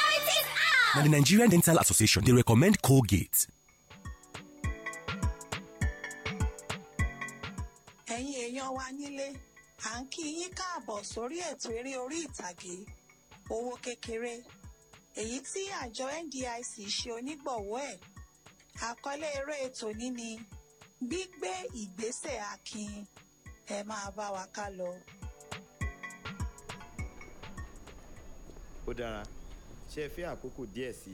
Now, the Nigerian Dental Association, they recommend Colgate. ẹ̀yin èèyàn wa nílé à ń kí yín káàbọ̀ sórí ètò eré orí ìtàgé owó kékeré èyí tí àjọ NDIC ṣe onígbọ̀wọ́ ẹ̀ àkọlé eré ètò ní ni gbígbé ìgbésẹ̀ akin ẹ máa bá wa ká lọ. ó dára ṣé ẹ fẹ́ àkókò díẹ̀ sí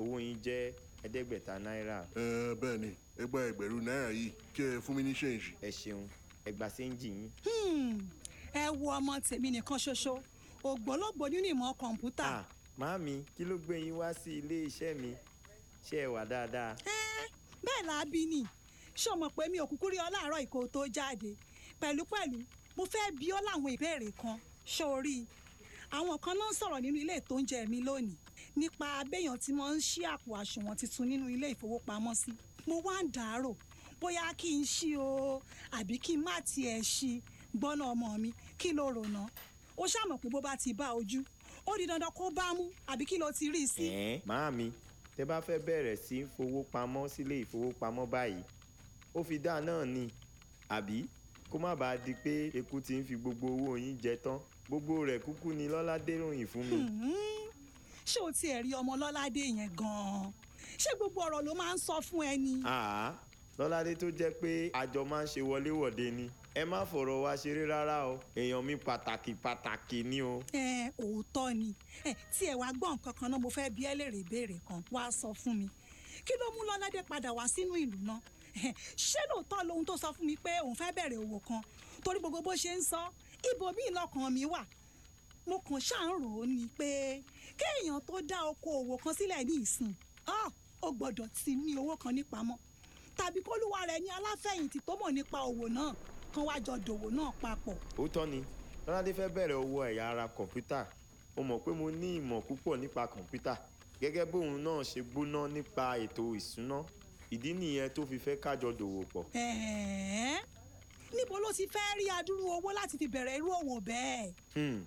owó yín jẹ́ ẹ̀ẹ́dẹ́gbẹ̀ta náírà. ẹ bẹ́ẹ̀ ni ẹ gba ẹgbẹ̀rún náírà yìí kí ẹ fún mi ní ṣéǹjì. ẹ ṣeun ẹ gba ṣéǹjì yín. Hmm, ẹ wo ọmọ tèmi nìkan ṣoṣo ògbólógbòó nínú ìmọ̀ kọ̀ǹpútà. màámi kí ló gbé yín wá sí ilé iṣẹ́ mi ṣé ẹ wà dáadáa. bẹ́ẹ̀ la bí ni ṣé o mọ̀ pé mi ò kúkú rí ọ láàárọ̀ ìkó tó jáde pẹ̀lúpẹ̀lú mo fẹ́ bi ọ́ láwọn ìbéèrè kan ṣó o rí i àwọn kan náà ń sọ̀rọ̀ nínú ilé ètò oúnjẹ mi lónìí nípa abéèyàn tí wọ́n ń ṣí àpò àṣùwọ̀n tuntun nínú ilé ìfowópamọ́sí mo wá ń dàárò bóyá kí n ṣí o àbí kí n má tiẹ̀ ṣí gbọ́nà ọmọ mi kí ló rò ná ó ṣàmọ̀ pé bó bá ti bá ojú ó di dandan kó bá mú àbí kí ló ti rí i sí. ẹ̀ẹ́n màámi tẹ bá fẹ́ bẹ̀rẹ̀ sí fowó pamọ́ sílé ìfowópamọ́ báyìí ó fi dáa náà ni àbí kó má bàa di pé eku ti ń fi gbogbo owó yín jẹ tán gbogbo rẹ̀ kúkú ni lọ́ládé ròyìn fún mi. Hmm. ṣé o tiẹ̀ rí ọmọ lọ́ládé yẹn gan-an ṣé gbogbo ọ̀rọ̀ ló máa ń sọ fún ẹ ni. lọ́ládé tó jẹ́ pé àjọ máa ń ṣe wọléwọ̀de ni ẹ má fọ̀rọ̀ wá ṣeré rárá o èèyàn mi pàtàkì pàtàkì ni o. ẹ òótọ́ ni ẹ tí ẹ wá gbọ́ nǹkan kan náà mo fẹ́ bi ẹ́ léèrè ìbéèrè kan wá sọ fún mi kí ló mú lọ́ládé padà wá sínú ìlú náà ṣé lóòótọ́ lohun tó sọ fún mi pé òun fẹ́ bẹ̀rẹ̀ òwò kan torí gbogbo bó ṣe ń sọ ibòmíì lọ́kàn mi wà mo kàn ṣáà ń rò ó ni pé kéèyàn tó dá okòòwò kan sílẹ̀ ní ìsìn ó gbọ́dọ̀ ti ní owó kan nípamọ́ tàbí kólúwa rẹ̀ ní aláfẹ̀yìntì tó mọ̀ nípa òwò náà kan wá jọ dòwò náà papọ̀. ó tọ́ ni lọ́ládé fẹ́ bẹ̀rẹ̀ owó ẹ̀yà ara kọ̀ǹpútà mo mọ̀ pé mo ní ìmọ̀ púpọ̀ nípa kọ̀ǹpútà gẹ́gẹ́ bóun náà ṣe gbóná nípa ètò ìsúná ìdí nìyẹn tó fi fẹ́ kájọ dòwò pọ̀ níbo ló ti fẹ́ rí adúrú owó láti fi bẹ̀rẹ̀ irú òwò bẹ́ẹ̀. Hmm.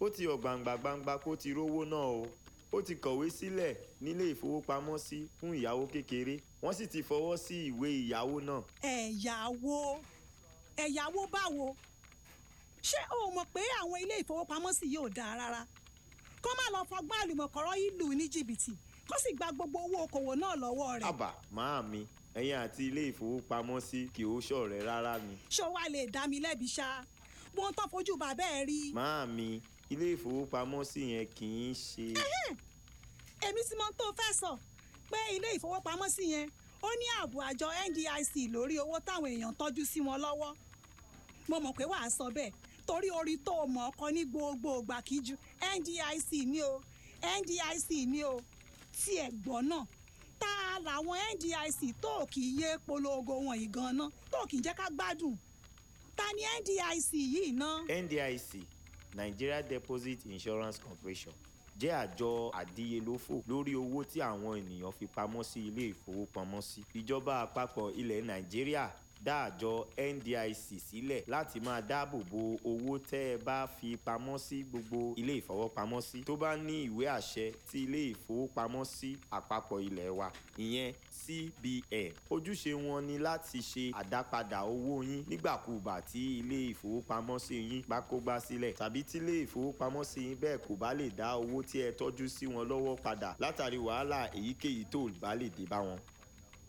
ó ti yọ gbangba gbangba kó ti rówó náà o ó ti kọ̀wé sílẹ̀ nílé ìfowópamọ́sí fún ìyàwó kékeré wọ́n sì ti fọwọ́ sí ìwé ìyàwó náà. ẹ̀yàwó ẹ̀yàwó báwo ṣé o mọ̀ pé àwọn ilé ìfowópamọ́sí yóò dáa rárá kó má lọ fọgbọ́n àlùmọ̀kọ́rọ́ yìí lù ní jìbìtì kó sì gba gbogbo owó okòwò náà lọ́wọ́ rẹ̀. àbà máa mi ẹ̀yin àti ilé ìfowópamọ́sí kì ó ṣọ̀rẹ́ rárá ni. ṣó wàá lè dá mi lẹ́bi ṣá wọn tán fojú bàbá ẹ rí. màámi ilé ìfowópamọ́sí yẹn kì í ṣe. èmi ti mọ tó fẹ́ sọ pé ilé ìfowópamọ́sí yẹn ó ní ààbò àjọ NDIC lórí owó táwọn èèyàn tọ́jú sí wọn lọ́wọ́ mo mọ̀ pé wàá sọ bẹ́ẹ̀ torí orí tó o mọ̀ ọkọ ní gbogbo ìgbà NDIC ni o NDIC ni o tiẹ̀ gbọ́ náà ta làwọn NDIC tó kì í yé polongo wọn yìí ganan tó kì í jẹ́ ká gbádùn ta ni NDIC yìí ná. NDIC Nigeria Deposit Insurance Corporation jẹ́ àjọ àdíyelófò lórí owó tí àwọn ènìyàn fi pamọ́ sí ilé ìfowópamọ́sí ìjọba àpapọ̀ ilẹ̀ Nàìjíríà dá àjọ ndic sílẹ̀ láti máa dáàbò bo owó tẹ́ ẹ bá fi pamọ́ sí gbogbo ilé ìfowópamọ́sí tó bá ní ìwé àṣẹ ti ilé ìfowópamọ́sí àpapọ̀ ilé wa ìyẹn cbn ojúṣe wọn ni láti ṣe àdápadà owó yín nígbàkúùgbà tí ilé ìfowópamọ́sí yín bá kógbá sílẹ̀ tàbí tí ilé ìfowópamọ́sí yín bẹ́ẹ̀ kò bá lè dá owó tí ẹ tọ́jú sí wọn lọ́wọ́ padà látàrí wàhálà èyíkéyìí tó bá lè dé bá wọn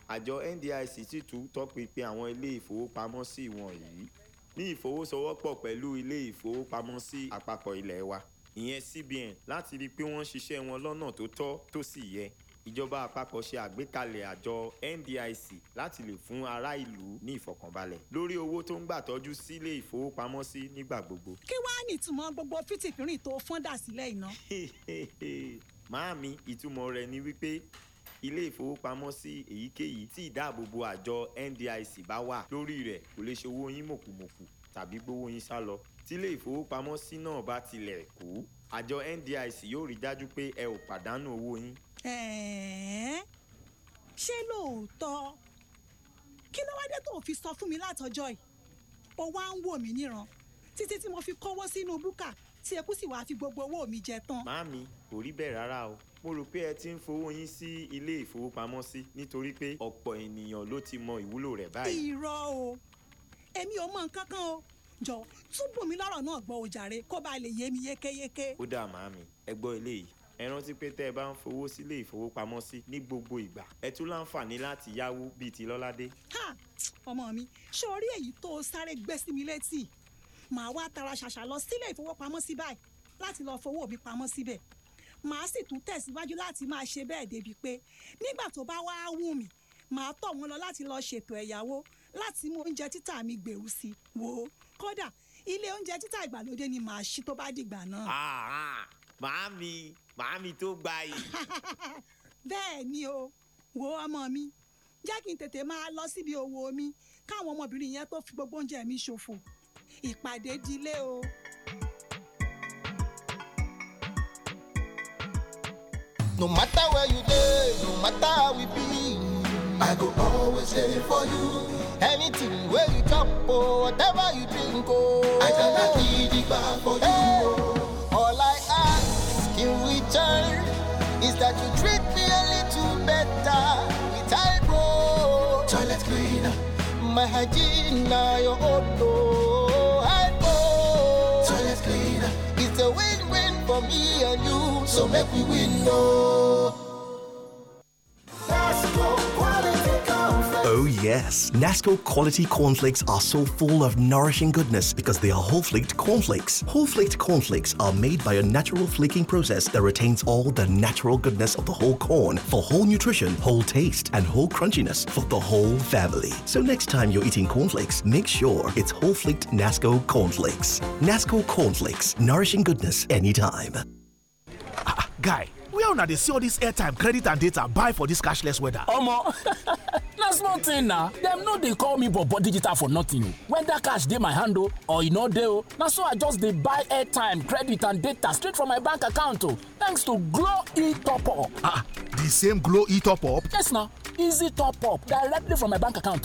àjọ ndic sì tún tọpinpin àwọn ilé ìfowópamọ́sí wọ̀nyí ní ìfowósowọ́pọ̀ pẹ̀lú ilé ìfowópamọ́sí àpapọ̀ ilé wa ìyẹn cbn láti rí i pé wọ́n ṣiṣẹ́ wọn lọ́nà tó tọ́ tó sì yẹ ìjọba àpapọ̀ ṣe àgbékalẹ̀ àjọ ndic láti lè fún ará ìlú ní ìfọ̀kànbalẹ̀ lórí owó tó ń gbà tọ́jú sílé ìfowópamọ́sí nígbà gbogbo. kí wàá nìtumọ̀ gbogbo fìtìfìrìn tó fọ́n dà sílẹ̀ iná. màámi ìtumọ̀ rẹ̀ ni wípé ilé ìfowópamọ́sí èyíkéyìí tí ìdáàbòbò àjọ ndic bá wà lórí rẹ̀ kò lè ṣe owó yín mọ̀kùmọ̀kù tàbí gbowó yín sá lọ tílé ìfowópamọ́sí náà bá tilẹ̀ kú àjọ ndic yóò rí dájú pé ẹ ò pàdánù owó yín. ṣé lóòótọ́ kí ló wá dé tó fi sọ fún mi látọjọ́ yìí ó wá ń wò mí níran títí tí mo fi kọ́wọ́ sínú búkà tí eku sì wá fi gbogbo owó mi jẹ tán. màámi kò rí bẹ́ẹ̀ rárá o mo rò pé ẹ ti ń fowó yín sí ilé ìfowópamọ́sí nítorí pé ọ̀pọ̀ ènìyàn ló ti mọ ìwúlò rẹ̀ báyìí. irọ́ o èmi ò mọ nǹkan kan o jọ túbọ̀ mi lọ́rọ̀ náà gbọ́ ojàre kó bá lè yé mi yékéyéké. ó dà màámi ẹ gbọ́ eléyìí ẹ rántí pé tẹ́ ẹ bá ń fowó sílé ìfowópamọ́sí ní gbogbo ìgbà ẹ tún láǹfààní láti yáwó bíi ti lọ́ládé. ha ọmọ mi ṣé orí èyí tó o sáré gbé sí mi létí màá wá tara ṣàṣà lọ sílé ìfowópamọ́sí báyìí láti lọ fowó mi pamọ́ síbẹ̀ màá sì tún tẹ̀síwájú láti máa ṣe bẹ́ẹ̀ débi pé nígbà tó bá wá wù mí màá tọ̀ wọ́n lọ láti lọ ṣètò ẹ̀yáwó láti mú oúnjẹ títà mi gbèrú sí i wò ó kódà ilé oúnjẹ títà ìgbàlódé ni màá ṣí tó bá dìgbà náà. Ah, ah, màámi màámi tó gbayì. bẹ́ẹ̀ ni o wo ọmọ mi jẹ́ kí n tètè máa lọ síbi òwò mi káwọn ọmọbìnrin yẹn tó fi gbogbo oúnjẹ mi ṣòfò ìpàdé dilé o. No matter where you dey, no matter how we be, I go always there for you. Anything where you chop or oh, whatever you drink, oh, I got a it back for hey. you. All I ask in return is that you treat me a little better with bro, Toilet cleaner, my hygiene, now your own. Oh. for me and you. So make we win, oh. Oh, yes. Nasco quality cornflakes are so full of nourishing goodness because they are whole flaked cornflakes. Whole flaked cornflakes are made by a natural flaking process that retains all the natural goodness of the whole corn for whole nutrition, whole taste, and whole crunchiness for the whole family. So next time you're eating cornflakes, make sure it's whole flaked Nasco cornflakes. Nasco cornflakes, nourishing goodness anytime. Ah, ah guy, we are not see all this airtime, credit, and data buy for this cashless weather? Omo! na small tin na dem no dey call me bobo digital for nothing o whether cash dey my hand o oh, or e no dey o oh, na so i just dey buy airtime credit and data straight from my bank account o oh, thanks to glo e top up. ah the same glo e top up. yes na easy top up directly from my bank account.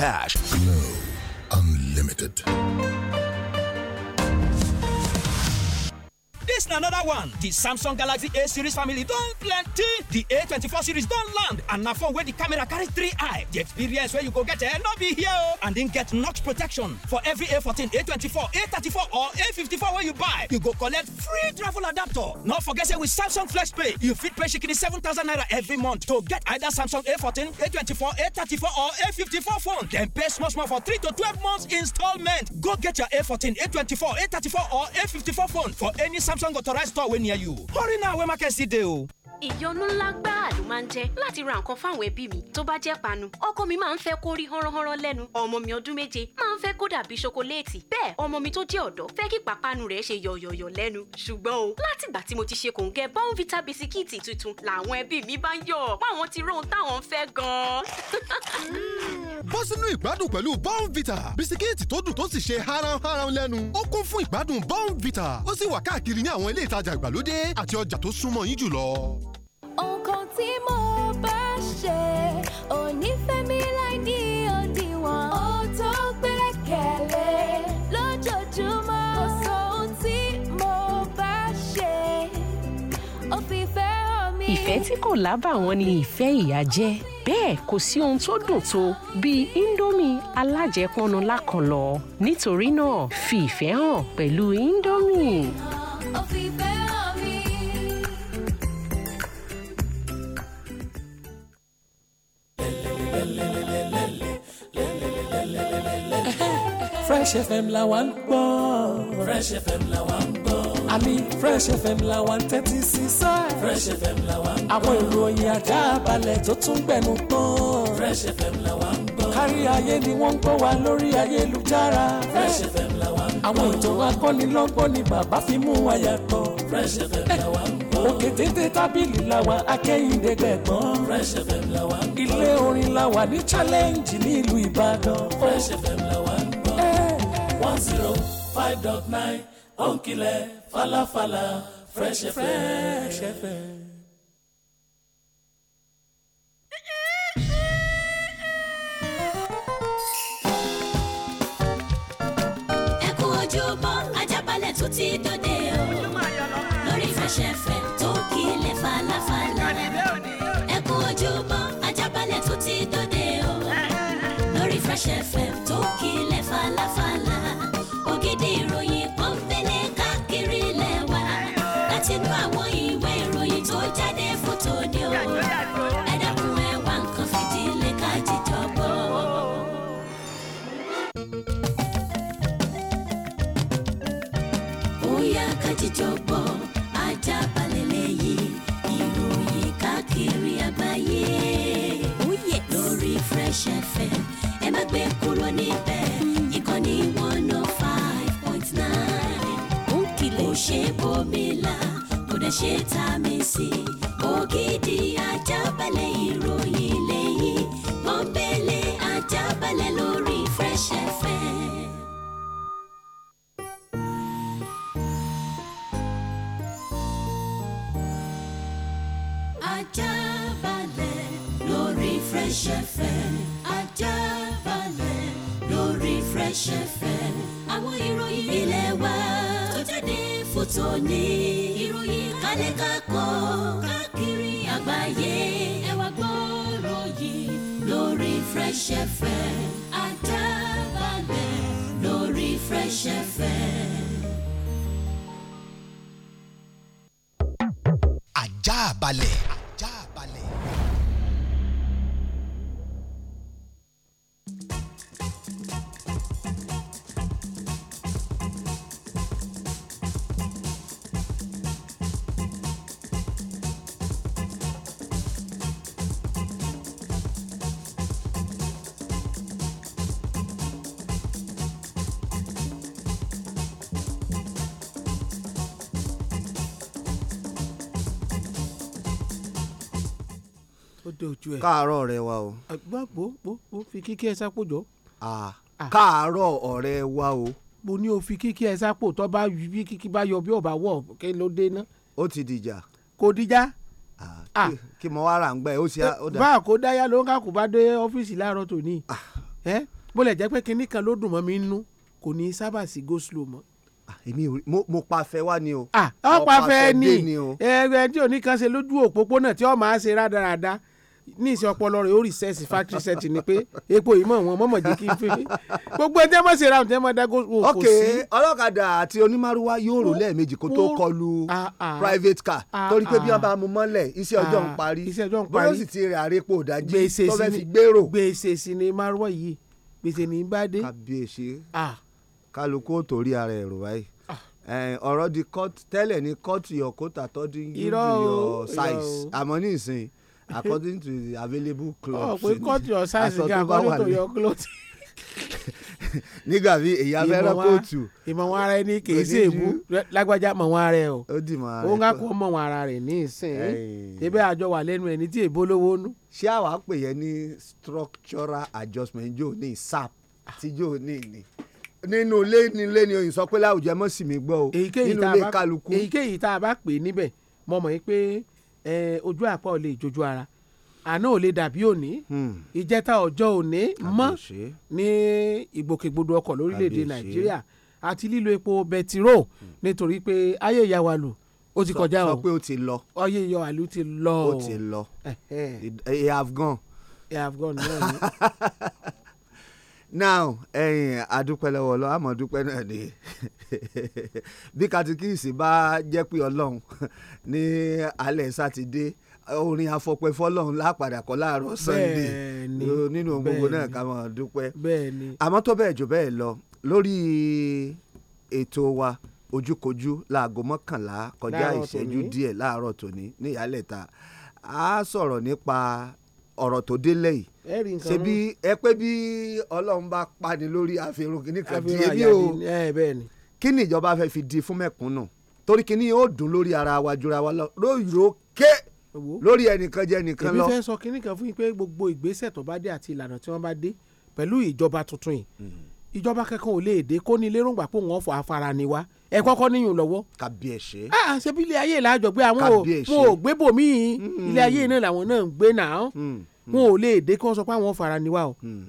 hash. Glow Unlimited. This na another one. The Samsung Galaxy A series family don plenty. The A24 series don land and na phone wey the camera carry three eye. The experience wey you go get eh no be here o. Oh. And e get NOx protection for every A14, A24, A34 or A54 wey you buy. You go collect free travel adapter. No forget say with Samsung Flex Pay, you fit pay shikini thousand naira every month to get either Samsung A14, A24, A34 or A54 phone. Then pay small small for three to twelve months installment. Go get your A14, A24, A34 or A54 phone for any Samsung samsung authorized store wey near you hurry now we market still dey deal. Oh. ìyọnu ńlá gbáà ló máa ń jẹ́ láti ra nǹkan fáwọn ẹbí mi tó bá jẹ́ panu ọkọ mi máa ń fẹ́ kó rí hánránhánrán lẹ́nu ọmọ mi ọdún méje máa ń fẹ́ kó dàbí ṣokoléètì bẹ́ẹ̀ ọmọ mi tó jẹ́ ọ̀dọ́ fẹ́ kí pàpánu rẹ̀ ṣe yọ̀yọ̀yọ̀ lẹ́nu ṣùgbọ́n o látìgbà tí mo ti ṣe kòńgẹ́ bọ́ńvítà bisikíìtì tuntun làwọn ẹbí mi bá ń yọ̀ páwọn ti róhun táwọn fẹ́ gan-an. bọ́ sínú ìgbádùn pẹ̀lú bọ́ńvítà bisikíìtì tó dùn tó sì ṣe haranharan lẹ́nu ó kún fún ìgbádùn bọ́ńvítà ó sì wà káàkiri ní àwọn ilé ìtajà ìgbàlódé àti ọjà tó súnmọ́ yín jùlọ nǹkan tí mo bá ṣe ò ní fẹ́ mi láì ní òdiwọ̀n. ó tó gbẹ́kẹ̀lé lójoojúmọ́. kò sọ ohun ni ìfẹ́ ìyá jẹ́ bẹ́ẹ̀ kò sí ohun tó dùn tó bíi indomie alájẹpọnu lákànlọ́ nítorí náà fi ìfẹ́ hàn pẹ̀lú indomie. fresh fm la wa ń gbọ́. fresh fm la wa ń gbọ́. àmì fresh fm la wa ń tẹ́tí sí sá. fresh fm la wa ń gbọ́. àwọn ìròyìn àjábalẹ̀ tó tún gbẹnu tán. fresh fm la wa ń gbọ́. kárí ayé ni wọ́n ń gbọ́ wa lórí ayélujára. fresh fm la wa ń gbọ́. àwọn ìtàn akọ́nilọ́gbọ́n ni bàbá fi mú wa yàtọ̀. fresh fm la wa ń gbọ́. òkè téńté tábìlì la wa akẹ́yìndé gbẹ̀gbọ́n. fresh fm la wa ń gbọ́. ilé orin la wa ní challenge ní ìlú Ìbàdàn. fresh fm la wa ń gbọ́ one zero five dot nine ònkìlẹ̀ falafala fresh fm. tó ti dòde o lórí fẹsẹ̀fẹ̀ tó kílẹ̀ falafala ẹ kú ojúmọ́ Ajaabale tó ti dòde o lórí fẹsẹ̀fẹ̀. ojú ẹ. káàárọ̀ ọ̀rẹ́ wa o. àgbà gbó gbó gbó fi kíkí ẹ sápò jọ. káàárọ̀ ọ̀rẹ́ wa o. mo ní o fi kíkí ẹ sápò tó bá bí kíkí bá yọ bí ọba wọ̀ kí ló dé ná. ó ti dìjà. kò dìjà. kí mo wá ra ń gbẹ ó sì á. bá a kó dáyà ló ń kà kó bá dé ọ́fíìsì láàárọ̀ tòní. bó lè jẹ́ pé kinní kan ló dùn mọ́ mi nú kò ní sábà sí go slow mọ́ èmi ò mo, mo pa fẹ wá ni o. ah ọ pa fẹ ni ẹ ẹ tí oníkan ṣe lójú òpópónà tí ó máa ṣe rádaràda ní ìsìn ọpọlọ rẹ̀ ó rìsẹ́ẹ̀sì factory set ni pé epo yìí mọ̀ wọn mọ̀mọ̀ jẹ́ kí n fi gbogbo ẹ̀ tẹ́ mọ̀ sí round tẹ́ mọ̀ dá gòsò kò sí. ok ọlọ́kadà àti onímàrúwá yóò rò lẹ́ẹ̀mejì kó tó kọlu private car torí pé bí wọ́n bá mú mọ́lẹ̀ iṣẹ́ ọjọ́ ń parí bóyá sì ti rẹ̀ àrékò òdájí tó fẹ́ fi gbèrò. gbèsè sí ni màrúwá yìí gbèsè ní bá dé. kàbíyèsí kálukú ò torí ara ẹ̀rọ báyìí ọ̀rọ̀ di tẹ́lẹ̀ ní kọ́ọ̀tù yọ̀kọ́tà tọ́dún yóò di yọ̀ size àmọ́ ní ìsìn according to the available clothes. ọ pé cut your size according to your clothes. nígbà bíi èyí abẹ́rẹ́ kóòtù. ìmọ̀ wọn ara ẹni kì í ṣe èbú lágbájá mọ̀ wọn ara ẹ o. ó dì mọ́ ara rẹ tó. ó ń kó mọ̀ wọn ara rẹ ní ìsìn. ebẹ́ àjọ wà lẹ́nu ẹni tí èbó lówó nú. ṣé àwa pè yẹn ní structural adjustment jò ní sap tí jò ní ní nínú ilé ní ilé ni òyìn sọ pé láwùjọ ẹ mọ̀ sí mi gbọ́ o nínú ilé kálukú. èyíkéyìí tá a bá pè níbẹ̀ mọ̀ mọ̀ pé ojú àpá ò lè jojú ara àná ò lè dàbí òní hmm. ìjẹta ọjọ́ òní mọ́ ní ìgbòkègbodò ọkọ̀ lórílẹ̀‐èdè nàìjíríà àti lílo epo bẹtiró hmm. nítorí pé ayé ìyá wa lò ó ti kọjá o sọ pé ó ti lọ ayé ìyá wa lò ó ti lọ ó ti lọ e have gone e have gone náà ni now ẹ̀yin adúpẹ́ lọ́wọ́ ọlọ́run àmọ́ dúpẹ́ náà ni bí katikíìsì bá jẹ́ pé ọlọ́run ní alẹ́ sátidé orin afọpẹ́ fọ́lọ́run lápadà kọ láàárọ̀ sunday nínú gbogbo náà ká máa dúpẹ́ àmọ́ tó bẹ́ẹ̀ jù bẹ́ẹ̀ lọ lórí ètò wa ojúkojú láago mọ́kànlá kọjá ìṣẹ́jú díẹ̀ láàárọ̀ tòní ní ìyálẹ̀ta a sọ̀rọ̀ nípa ọ̀rọ̀ tó délẹ̀ yìí ṣe bí ẹ pé bí ọlọ́run bá pani lórí àfihàn kìíní di èmi o kí ni ìjọba fẹ́ fi di fún mẹ̀kúnnù torí kìíní yóò dùn lórí ara wa jura wa lọ lóyò ké lórí ẹnìkan jẹ ẹnìkan lọ. èmi fẹ́ sọ kìíní kan fún yín pé gbogbo ìgbésẹ̀ tó bá dé àti ìlànà tí wọ́n bá dé pẹ̀lú ìjọba tuntun yìí hmm. ìjọba kankan ò lè dé kó ní lérògbà pé òun ọ̀fọ̀ afárá ni wa ẹ kọ́kọ́ níyùn lọ́wọ́. kàbíyèsè. a ṣe bí ilé ayé làjọ gbé àwọn ò gbé bòmíì hmm. ilé ayé náà làwọn náà ń gbé náà. Hmm wọn ò lè dé kí wọ́n sọ pé àwọn fara ni wa o. Hmm.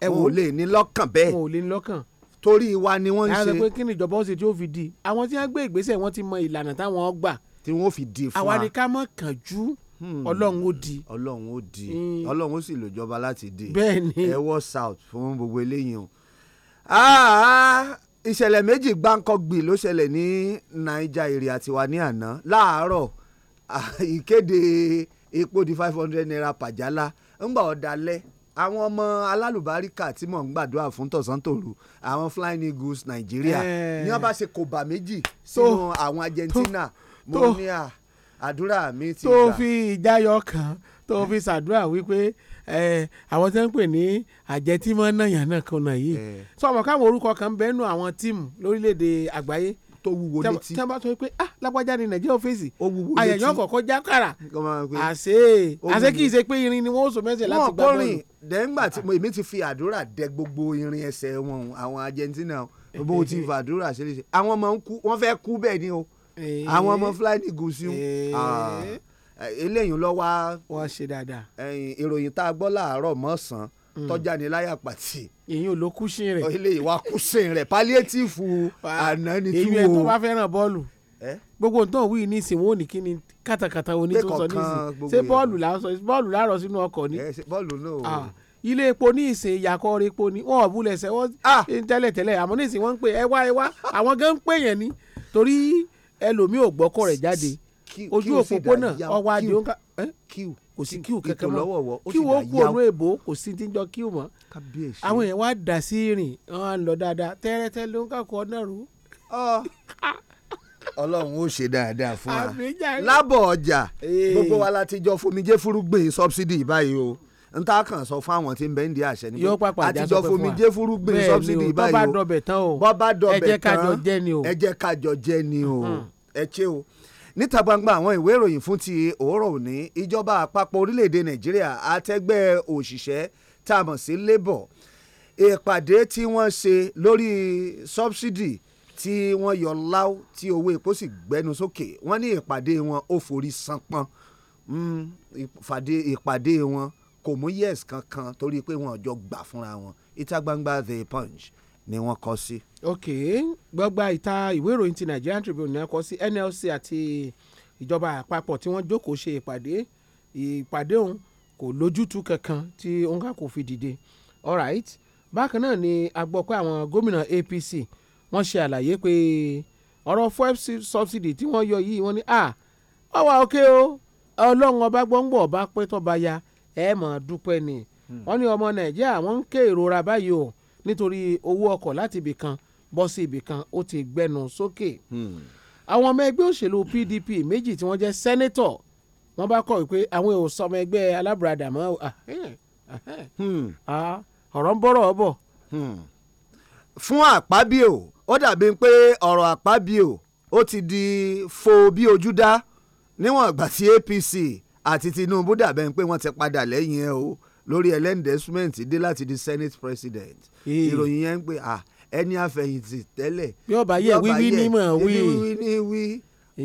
ẹ wò lè ní lọ́kàn bẹ́ẹ̀. wọn ò lè ní lọ́kàn. torí wa ni wọ́n ń ṣe. àwọn pé kí ni ìjọba ọ̀sẹ̀ tí ó fi di àwọn tí wọ́n gbé ìgbésẹ̀ wọ́n ti mọ ìlànà táwọn gbà. tí wọ́n fi di fún wa. àwa ni ká mọ̀ kánjú hmm. ọlọ́run ó di. ọlọ́run ó di hmm. ọlọ́run ó sì lòjọba láti di. bẹ́ẹ̀ni ẹ wọ south fún gbogbo eléyìí o. Ah, ìṣẹ̀lẹ̀ méjì gbáǹkọ́gbì ló ṣẹlẹ̀ ní naija èrè àtiwá ní àná láàárọ̀ ah, ìkéde epo di five hundred naira pàjálá ńgbà ọ̀dàlẹ̀ àwọn ọmọ alálùbáríkà tí mò ń gbàdúrà fún tọ̀sán-tòru àwọn flying eagles nàìjíríà ní wọ́n bá ṣe kòbà méjì sínú àwọn argentina mo ní à àdúrà mi ti gbà. tó fi ìjáyọ kan tó fi ṣàdúrà wípé àwọn tí wọ́n ń pè ní àjẹtímọ́ náà yàn náà kan náà yìí sọ káwọn orúkọ kan bẹ́ẹ̀ àwọn tíìmù lórílẹ̀ àgbáyé tó wúwo létí. tí wọ́n bá sọ pé ah lágbájá ni nàìjíríà fèsì àyẹ̀yàn kọ̀ọ̀kan jákàrà àṣé àṣé kì í ṣe pé irin ni wọ́n sọ mẹ́sẹ̀ láti gbá bọ́ọ̀lù. dẹ́ngbà tí èmi ti fi àdúrà dẹ gbogbo irin ẹsẹ̀ wọn àwọn Argentina bó ti fi àdúrà ṣe léṣe àwọn ọmọ ń kú fẹ́ kú bẹ́ẹ̀ ni o eh. àwọn ọmọ fly ní gùsùn eh. ah. eléyìí lọ wá. wọ́n ṣe dáadáa. ìròyìn tá a gbọ́ láàárọ̀ Mm. tọ́jà ní láyà pàtì. èyí ò ló kúsìn rẹ̀. ilé ìwà kúsìn rẹ̀ pálíétìfù àná ni tí wo. èyí ẹ̀ tó bá fẹ́ràn bọ́ọ̀lù. gbogbo nǹkan wí ní ìsìn wọn ò kí ni kàtàkàtà oní tó sọ ní ìsìn ṣé bọ́ọ̀lù làásọ bọ́ọ̀lù làárọ̀ sínú ọkọ̀ ni. bọ́ọ̀lù náà ilé epo ní ìsìn ìyàkọ́ rẹ̀ epo ni wọn ò búlẹ̀ ṣẹ́ wọ́n tẹ́lẹ̀ tẹ́lẹ̀ àmọ́ ní ni torí ẹlòmíì ò gbọ́kọ̀ rẹ̀ jáde ojú òpópónà ọwọ́ adìyẹ ń ká kò sí kíw kankan mọ́ kíw ó kú ọ̀nà èbó kò sí ti kíw mọ́ àwọn èèyàn wá dà sí ìrìn wọn lọ dáadáa tẹ́rẹ́tẹ́ ló ń kàkọ́ ọ̀nà rú. ọlọ́run ó ṣe dáadáa fún wa lábọ̀ ọjà gbogbo wa láti jọ fomijé furugbìn subsidy báyìí o n ta kàn sọ fún àwọn tí ń bẹ ń di àṣẹ ni pé àtijọ́ fomijé furugbìn subsidy báyìí o bọ́ bá dọbẹ̀ tán ẹ jẹ́ kájọ jẹ́ ni o ẹ ṣé o níta gbangba àwọn ìwé ìròyìn fún ti òórọ̀ òní ìjọba àpapọ̀ orílẹ̀-èdè nàìjíríà àtẹgbẹ́ òṣìṣẹ́ tá a mọ̀ sí labour ìpàdé tí wọ́n ṣe lórí subsidy tí wọ́n yọ láwọ́ tí owó epo sì gbẹnu sókè wọ́n ní ìpàdé wọn ó forí sanpọ́n hmm, ìpàdé wọn kò mú yes kankan torí pé wọn ò jọ gbà fúnra wọn ìta gbangba the punch ni wọ́n kọ sí. ok gbọgba ìta ìwé ìròyìn ti Nigerian Tribune ni wọ́n kọ sí NLC àti ìjọba àpapọ̀ tí wọ́n jókòó ṣe ìpàdé ìpàdé òun kò lójútu kankan tí òǹkà kò fi dìde alright bákan náà ni a gbọ́ pé àwọn gómìnà APC wọ́n ṣe àlàyé pé ọ̀rọ̀ fuel subsidy tí wọ́n yọ yìí wọ́n ní à ọwà òkè o ọlọ́run ọba gbọ́ngbọ̀ ọba pé tọ́ba ya ẹ̀ mọ̀ dúpẹ́ ni hmm. wọ́n ní ọmọ Nàìjíríà wọ́n ń ké ìrora báyìí o nítorí owó ọkọ̀ láti ibì kan bọ́ sí ibì kan ó ti gbẹnu sókè. Hmm. àwọn ọmọ ẹgbẹ́ òṣèlú PDP méjì tí wọ́n jẹ́ sẹ́nẹ́tọ̀ wọ́n bá kọ̀ wípé àwọn ò sọmọ ẹgbẹ́ alábùradà mọ́ hmm. ọ̀rọ̀ ń bọ̀rọ̀ ọ̀bọ̀. Hmm. fún àpábíò ó dàbí pé ọ̀rọ̀ àpábíò ó ti di fo bí ojú dá níwọ̀n ìgbà tí APC àti Tinubu dàbẹ̀ pé wọ́n ti padà lẹ́yìn ẹ̀ o lórí ẹlẹ́ndẹ́símẹ́ǹtì dé láti di senate president ìròyìn yẹn ń pè à ẹni àfẹ̀yìntì tẹ́lẹ̀ yóò bá yẹ wíwí ní mọ̀ wí wíwí ní wí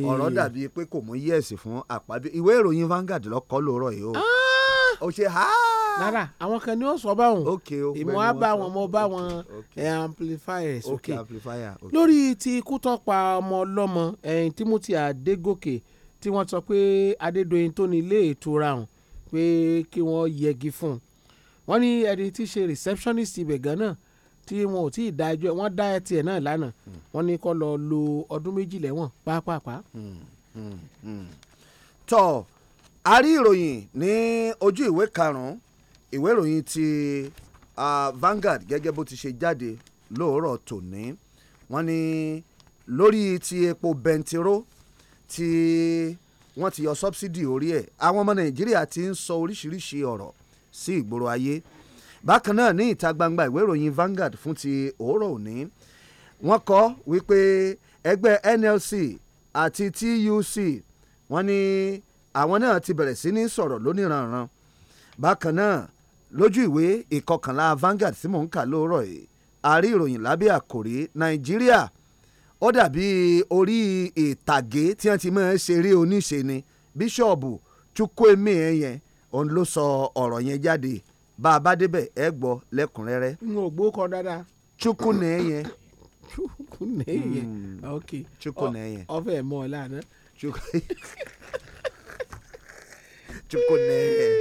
ọ̀rọ̀ dàbí pé kò mú yẹ̀sì fún àpábí ìwé ìròyìn Vanguard lọ́kọ́ lóòrọ̀ yìí o ah! ó ṣe ha. rárá àwọn kan ní ó sọ báwọn ìmọ̀ á bá wọn mọ bá wọn eh, amplifier sókè lórí ti ikú tó pa ọmọ ọlọ́mọ eh, Timothy Adégòkè tí wọ́n sọ pé Adédoyin tó ní ilé ìtura ọ̀hún pé kí wọ́n yẹgi fún un wọ́n ní ẹni tí í ṣe receptionist ibẹ̀ gan náà tí wọn ò tí ì da ẹjọ́ wọ́n dá ẹtì ẹ̀ náà lánàá wọ́n ní kó lọ lo ọdún méjì lẹ́wọ̀n pápápá. Hmm, hmm, hmm. tọ́ a rí ìròyìn ní ojú ìwé karùn-ún ìwé ìròyìn ti Vanguard gẹ́gẹ́ bó ti ṣe jáde lóòrọ̀ tòní wọ́n ní lórí ti epo bẹntiró ti. Uh, wọ́n ti yọ sọ́bsidì orí ẹ̀ àwọn ọmọ nàìjíríà ti ń sọ oríṣiríṣi ọ̀rọ̀ sí ìgboro ayé bákan náà ní ìta gbangba ìwé ìròyìn Vanguard fún ti òórọ̀ òní wọ́n kọ wípé ẹgbẹ́ NLC àti TUC wọ́n ní àwọn náà ti bẹ̀rẹ̀ sí ní sọ̀rọ̀ lóníranran bákan náà lójú ìwé ìkọkànlá Vanguard tí mò ń kà lóòrọ̀ yìí àrí ìròyìn lábẹ́ àkòrí Nàìjíríà ó dàbí orí ìtàgé tí wọ́n ti máa ń ṣeré oníṣe ni bíṣọ̀bù chukwueme yẹn òun ló sọ ọ̀rọ̀ yẹn jáde bá a bá débẹ̀ ẹ gbọ́ lẹ́kùnrẹ́rẹ́. n ò gbọ́ kọ dáadáa. chukwune yẹn. chukwune yẹn hmm. ok chukwune yẹn. ọfẹ mọ ọ lánàá. chukwune yẹn.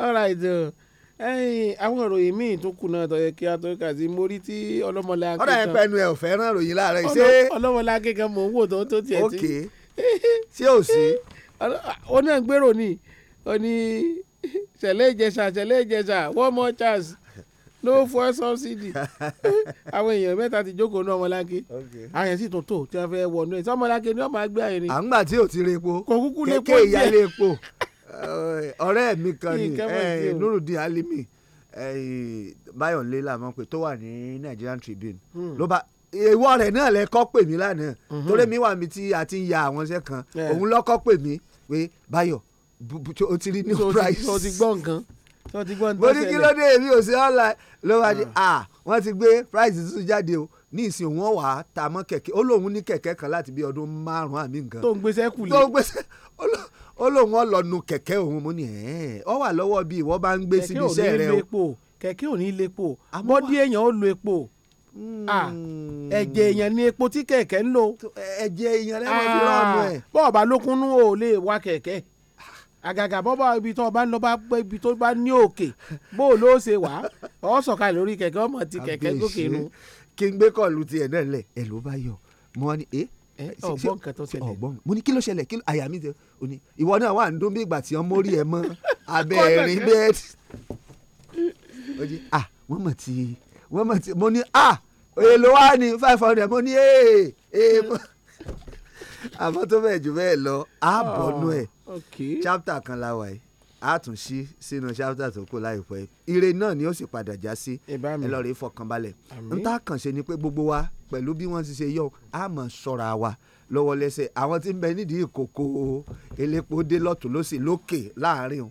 all right Uh ẹyìn àwọn ìròyìn míì tó kù náà tọyẹ kí a tó kà sí mórí tí ọlọmọlá akẹkọọ ọdọ ẹpẹ nu ẹ ò fẹ́ràn ìròyìn láàárọ̀ ṣé ọlọmọlá akẹkọọ mò ń wò tó tó tiẹ̀ tí ṣé ò sí. ó náà gbèrò ni ó ní ṣẹlẹ̀ Ìjẹ̀ṣà ṣẹlẹ̀ one more chance no fuel subsidy àwọn èèyàn mẹ́ta ti jókòó ní ọmọláke àyàn sì tún tò tí wọ́n fẹ́ wọnú ẹ̀ sọmọláke ni ọmọ àgbẹ̀ àyẹ̀ni. à ń gbà tí ò ti re epo kò kúkú lè po díẹ̀ kékeré ìyá lè po. Eh, ọ̀rẹ́ mi kan ni eh, nurudin alimi eh, bayọ̀lé làmọ́ pé tó wà ní Nigerian Tribune hmm. ló bá ìwọ rẹ̀ náà lẹ kọ́ pè mí lánàá hmm. torí mi wà mí tí a ti ń ya àwọn iṣẹ́ kan òun lọ́kọ́ pè mí pé Báyọ̀ o ti rí new price. o ti gbọ́ nǹkan tó ti gbọ́ ní mo ní kí ló dé èmi ò sí online ló wá ní ah. Ah, wọ́n ti gbé price tuntun jáde o ní ìsìn òun ọ̀wà ta mọ́ kẹ̀kẹ́ ó lóun ní kẹ̀kẹ́ kan láti bí ọdún márùn-ún àmì nǹkan. tó ń gbèsè kù lé tó ń gbèsè ó lóun ọ lọ nu kẹ̀kẹ́ òun mo ní ẹ̀ ọ wà lọ́wọ́ bí ìwọ bá ń gbé síbi iṣẹ́ rẹ o kẹ̀kẹ́ ò ní lepo bọ́dí èèyàn ó lo epo hmm. ẹ̀jẹ̀ èèyàn ni epo tí kẹ̀kẹ́ ń lo ẹ̀jẹ̀ èèyàn lẹ́wọ̀n fi rọ́ọ̀nù ẹ̀. bọ́ọ̀ bá lókunnú ò lè wa kẹ̀kẹ́ àgàgà bọ́bá ibi tó bá lọ bá pẹ́ ibi tó bá ní òkè bó ló ṣe wá ọ sọ̀kalẹ̀ lórí kẹ̀kẹ́ ọmọ ti kẹ̀kẹ́ gòkè nu. kí n gbé kọ́ọ̀lù tiẹ̀ náà lẹ̀ ẹ̀ ló bá yọ mo ẹ́ Eh, ọgbọ́n kan tó ṣẹlẹ̀ ọgbọ́n mo ní kí ló ṣẹlẹ̀ kí àyà mi tẹ o ní ìwọ náà wà ń dún bí ìgbà tí wọ́n mórí ẹ mọ́ abẹ́ ẹ̀rín bẹ́ẹ̀dì ó ní ah wọ́n mọ̀ tí wọ́n mọ̀ tí mo ní ah èlò wa ni five hundred mo ní ee ee hmm. àmọ́ tó bẹ̀ jù bẹ́ẹ̀ lọ àbọ̀nú ẹ̀ ah, chapter kan la wà yìí àtúnṣí sínú ṣáfítà tó kù láìpẹ́ ire náà ni ó sì padà já sí ẹ lọ́ọ́ rí fọkànbalẹ̀ n ta kàn ṣe ni pé gbogbo wa pẹ̀lú bí wọ́n ti ṣe yọ a máa ṣọ́ra wa lọ́wọ́ lẹ́sẹ̀ àwọn tí ń bẹ nídìí ìkòkò elépo dé lọ́tún lọ́sì lókè láàrin o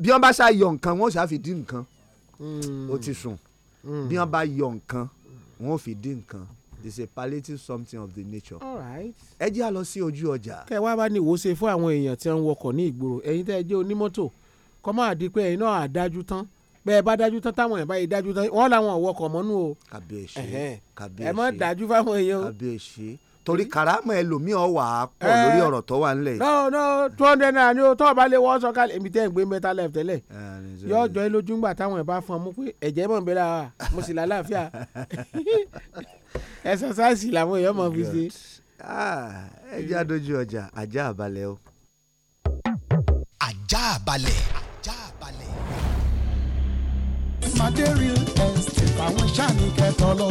bí wọ́n bá ṣá yọ nǹkan wọ́n ṣá fi dín nǹkan hmm. ó ti sùn hmm. bí wọ́n bá yọ nǹkan wọ́n fi dín nǹkan is a palliative something of the nature. ẹ jẹ́ à lọ sí ojú ọjà. kẹ wá bá ní ìwòsàn fún àwọn èèyàn tí wọ́n wọkọ̀ ní ìgboro ẹ̀yin tẹ́ ẹ jẹ́ onímọ́tò kọ́ máa di pé ẹ̀yin náà àdájú tán bẹ́ẹ̀ bá dájú tán táwọn èèyàn bá yẹ dájú tán wọ́n làwọn ọ̀wọ́kọ̀ mọ́nú o. kàbíyèsí kàbíyèsí ẹ mọ́ dájú fáwọn èèyàn o. kàbíyèsí torí hmm? karama ẹlòmíì ọ wà á pọ̀ lórí ọ̀rọ̀ tó wà nílẹ̀. no no two hundred naira ni o tó o bá lè wọ́n sọ kálẹ̀ èmi tẹ́ ń gbé mẹ́ta life tẹ́lẹ̀ yóò jọ ẹ lójú ńgbà táwọn ẹ̀ bá fún ọ mú pé ẹ̀jẹ̀ mọ̀ ń bẹ́ra mo sì lálàáfíà ẹ̀sọ̀sáìsì làwọn èèyàn mọ̀ oh fi ṣe. Ah, ẹ jẹ́ àdójú ọjà ajá àbálẹ̀ o. ajá àbálẹ̀. ajá àbálẹ̀. madé real estate àwọn sáà ní kẹtọ lọ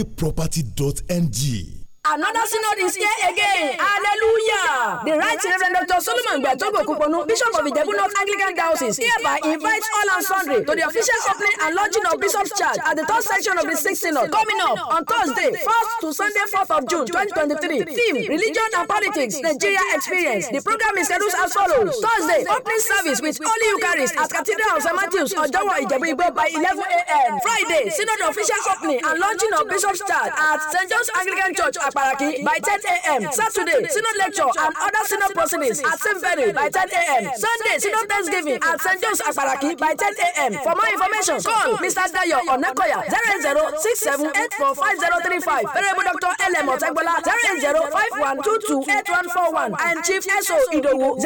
adeproperty.ng another synod is here again hallelujah. the right reverend dr solomon gbẹtogo kuponu bishop of ijebu north anglican diocese hereby invites all and sundry to the official opening and launching of bishop's church at the third section of the sixth synod coming up on thursday 1st to sunday 4th of june 2023. theme religion and politics nigeria experience the program is scheduled as follows thursday opening service with holy eucharist at cathedral of st matthews ojowo ijebu igbo by 11 a.m. friday synod official opening and launching of bishop's church at st john's anglican church apapa. Paraki by 10 a.m. Saturday, Synod Lecture and other Synod proceedings at same venue by 10 a.m. Sunday, Synod Thanksgiving at St. John's Aparaki by 10 a.m. For more information, call Mr. Dayo Onakoya 08067845035. Venerable Dr. L.M. Otegbola 08051228141 and Chief S.O. Idowu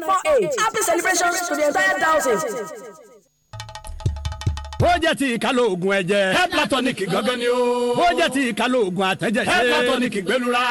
08055274948. Happy celebrations to the entire thousands. ó jẹ́ ti ìkálò oògùn ẹ̀jẹ̀. heplatonic gángan ni o. ó jẹ́ ti àtẹ̀jẹ̀ ṣe. heplatonic gbẹlura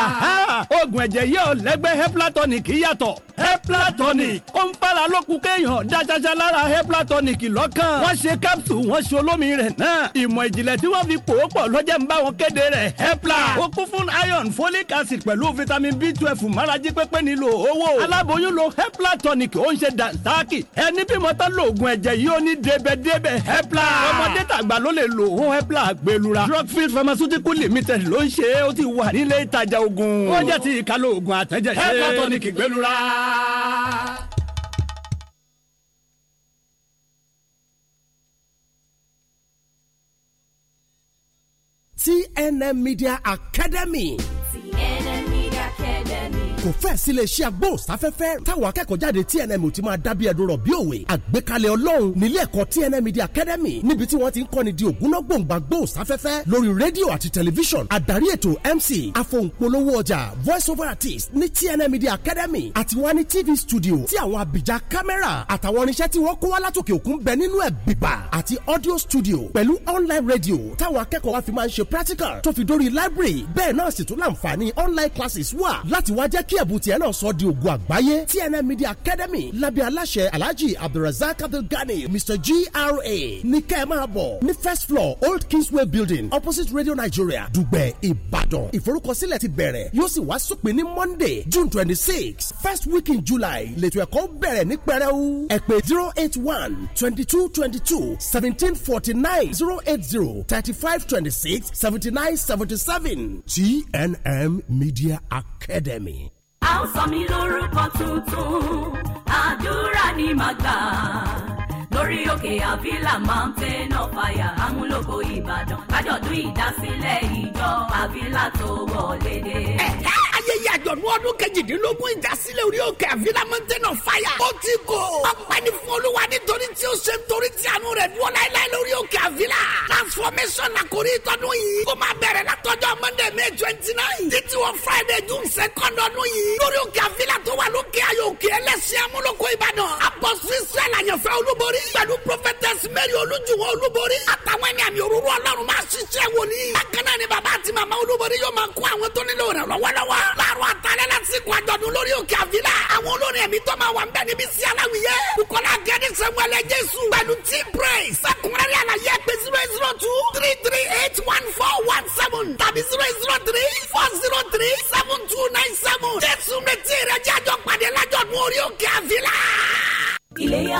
oògùn ẹ̀jẹ̀ yìí ò lẹ́gbẹ́ heplatonic yàtọ̀ heplatonic ó ń fara lókun kéèyàn dáṣaṣa lára heplatonic lọ́kàn wọ́n ṣe capsule wọ́n ṣe olómi rẹ̀ náà ìmọ̀ ìjìnlẹ̀ tí wọ́n fi pò ó pọ̀ lọ́jẹ́ ń bá wọn kéde rẹ̀ hepla ó kún fún iron folic acid pẹ̀lú vitamin b twelve márajì pépé nílò owó aláboyún lo heplatonic ó ń ṣe dànsáàkì ẹni bímọ tán lóògùn ẹ̀jẹ̀ yìí ó ní débẹ̀débẹ̀ hepla ọmọdé tàgbà ló lè lo hepla gbẹlura drugfield pharmaceutical limited ló ń ṣe é ó ti wà nílé ìtajà ogun. ó jẹ́ ti ìka lóògùn àtẹ́jẹ́ ṣe. health tonic gbẹlura. TNM Media Academy. TNM kò fẹ́ sílé iṣẹ́ agbóhùnsáfẹ́fẹ́ táwọn akẹ́kọ̀ọ́ jáde TNM ti máa dábìí ẹ̀dùn rọ̀ bí òwe àgbékalẹ̀ ọlọ́run nílé ẹ̀kọ́ TNM Media Academy níbi tí wọ́n ti ń kọ́ni di ògúnnágbòǹgbà gbóhùnsáfẹ́fẹ́ lórí rédíò àti tẹlifíṣàn àdarí ètò MC afohùnpolówó ọjà voice over artist ní TNM Media Academy àti wá ní TV studio tí àwọn abìjà kámẹ́rà àtàwọn irinṣẹ́ tí wọ́n kó wá látòkè òkun bẹ nínú ẹ̀ bìbà àti audio studio pẹ̀lú online radio táwọn akẹ́kọ̀ọ́ wa fi máa ń ṣe practical tó fi dórí library bẹ́ẹ̀ náà sì tún láǹfààní online classes wà láti wá jẹ́ k kí ẹ̀bùn tiẹ̀ náà sọ di ògo àgbáyé TNM Media Academy lábẹ́ aláṣẹ Alhaji Abdulrasaq Abdulgani Mr GRA ní kẹ́ ẹ máa bọ̀ ní first floor Old Kingsway Building opposite Radio Nigeria Dùgbẹ̀ Ìbàdàn ìforúkọsílẹ̀ ti bẹ̀rẹ̀ yóò sì wá sópin ní Monday June twenty six first week in July lètò ẹ̀kọ́ bẹ̀rẹ̀ ní pẹrẹu ẹ zero eight one twenty two twenty two seventeen forty nine zero eight zero thirty five twenty six seventy nine seventy seven TNM Media Academy a ó sọ mí lórúkọ tuntun àdúrà ni màá gbà lórí òkè àbílà mountain of fire amúlòkọ ìbàdàn lájọ̀dún ìdásílẹ̀ ìjọ àbílà tó wọlé dé àjọ̀dún ọdún kejìdínlógún ìdásílẹ̀ orí òkè àfihàn mountain of ó ti kò ọ̀pẹ́ni fún olúwa nítorí tí ó ṣe nítorí tí àánú rẹ̀ dúró láéláé lórí òkè àfihàn transformation àkórí ìtọ́dún yìí kó máa bẹ̀rẹ̀ látọjọ́ monday may twenty nine títí wọ friday june second ọdún yìí lórí òkè àfihàn tó wà lókè ayò òkè ẹlẹ́sìn amúlòkó ìbàdàn apọ́sí israẹl àyànfẹ́ olúborí pẹ̀lú prophetess mary olújùwọ̀n olúborí àtàwọn ẹni àmì òróró ọlọ́run máa ṣiṣẹ́ wòlíì bákan àsìkò àjọ̀dún lórí òkè àfilà àwọn olórin ẹ̀mí tó máa wà nbẹ níbi sí aláwìyé bukola gẹ́ni sẹ́wọ́lẹ̀ jésù pẹ̀lú team praise sẹ́kùnrẹ́rẹ́ àlàyé pé zero zero two three three eight one four one seven tàbí zero zero three four zero three seven two nine seven jésù retí rẹ̀ jẹ́ àjọpàdé lájọ̀dún orí òkè àfilà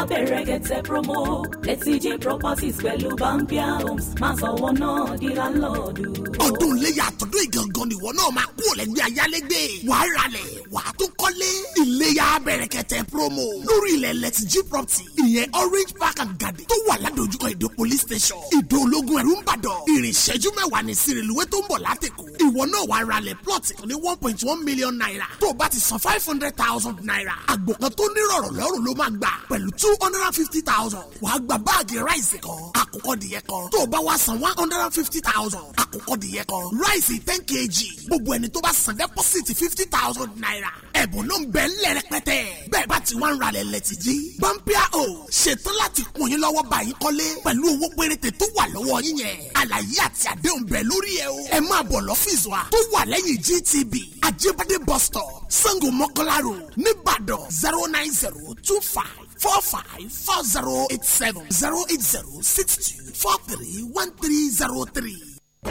lábẹ́ rẹ̀kẹ̀tẹ̀ promo lẹ́tíjẹ́ properties pẹ̀lú bambia homes máa sanwó náà di láńlọ́ọ̀dù. ọdún iléyà àtọ́dún ìgangan nìwọ náà máa kú ọ̀lẹ́gbẹ́ ayálégbé wàá ralẹ̀ wàá tún kọ́lé. iléyà abẹ́rẹ́kẹ̀tẹ̀ promo lórí ilẹ̀ lẹ́tíjẹ́ property ìyẹn orange park and garden tó wà ládojúkọ ìdó police station ìdó ológun ẹ̀rú ń bàdàn ìrìnsẹ́jú mẹ́wàá ní sírìlúwẹ́ tó ń bọ̀ látẹ̀kọ́ ìwọ náà wàá ralẹ̀ plot ní one point one million naira tó o bá ti san five hundred thousand naira àgbò kan tó nírọ̀rọ̀ lọ́rùn ló máa gbà pẹ̀lú two two hundred and fifty thousand wàá gba báàgì ráìsì kan àkùkọ dìyẹ kan tó o bá wá san one hundred and fifty thousand àkùkọ dìyẹ kan ráìsì ten kg gbogbo ẹni tó bá san dẹ́pọ́sìtì fifty thousand naira ẹ̀bùn ló ń bẹ ńlẹ̀ rẹpẹtẹ bẹ́ẹ̀ bá ti wá ń ralẹ̀ lẹ́tì jí. bámpíà o ṣetán láti kún yín lọ́wọ́ bá yín kọ́lé pẹ̀lú owó péréte tó wà lọ́wọ́ yín yẹn àlàyé àti àdéhùn bẹ lórí ẹ o ẹ máa bọ̀ lọ́fíìsì wa tó wà lẹ́yìn GTB Ajibade bus Sango Mọ́kọ́lá road nìbàdàn zero nine zero two five four five four zero eight seven zero eight zero six two four three one three zero three.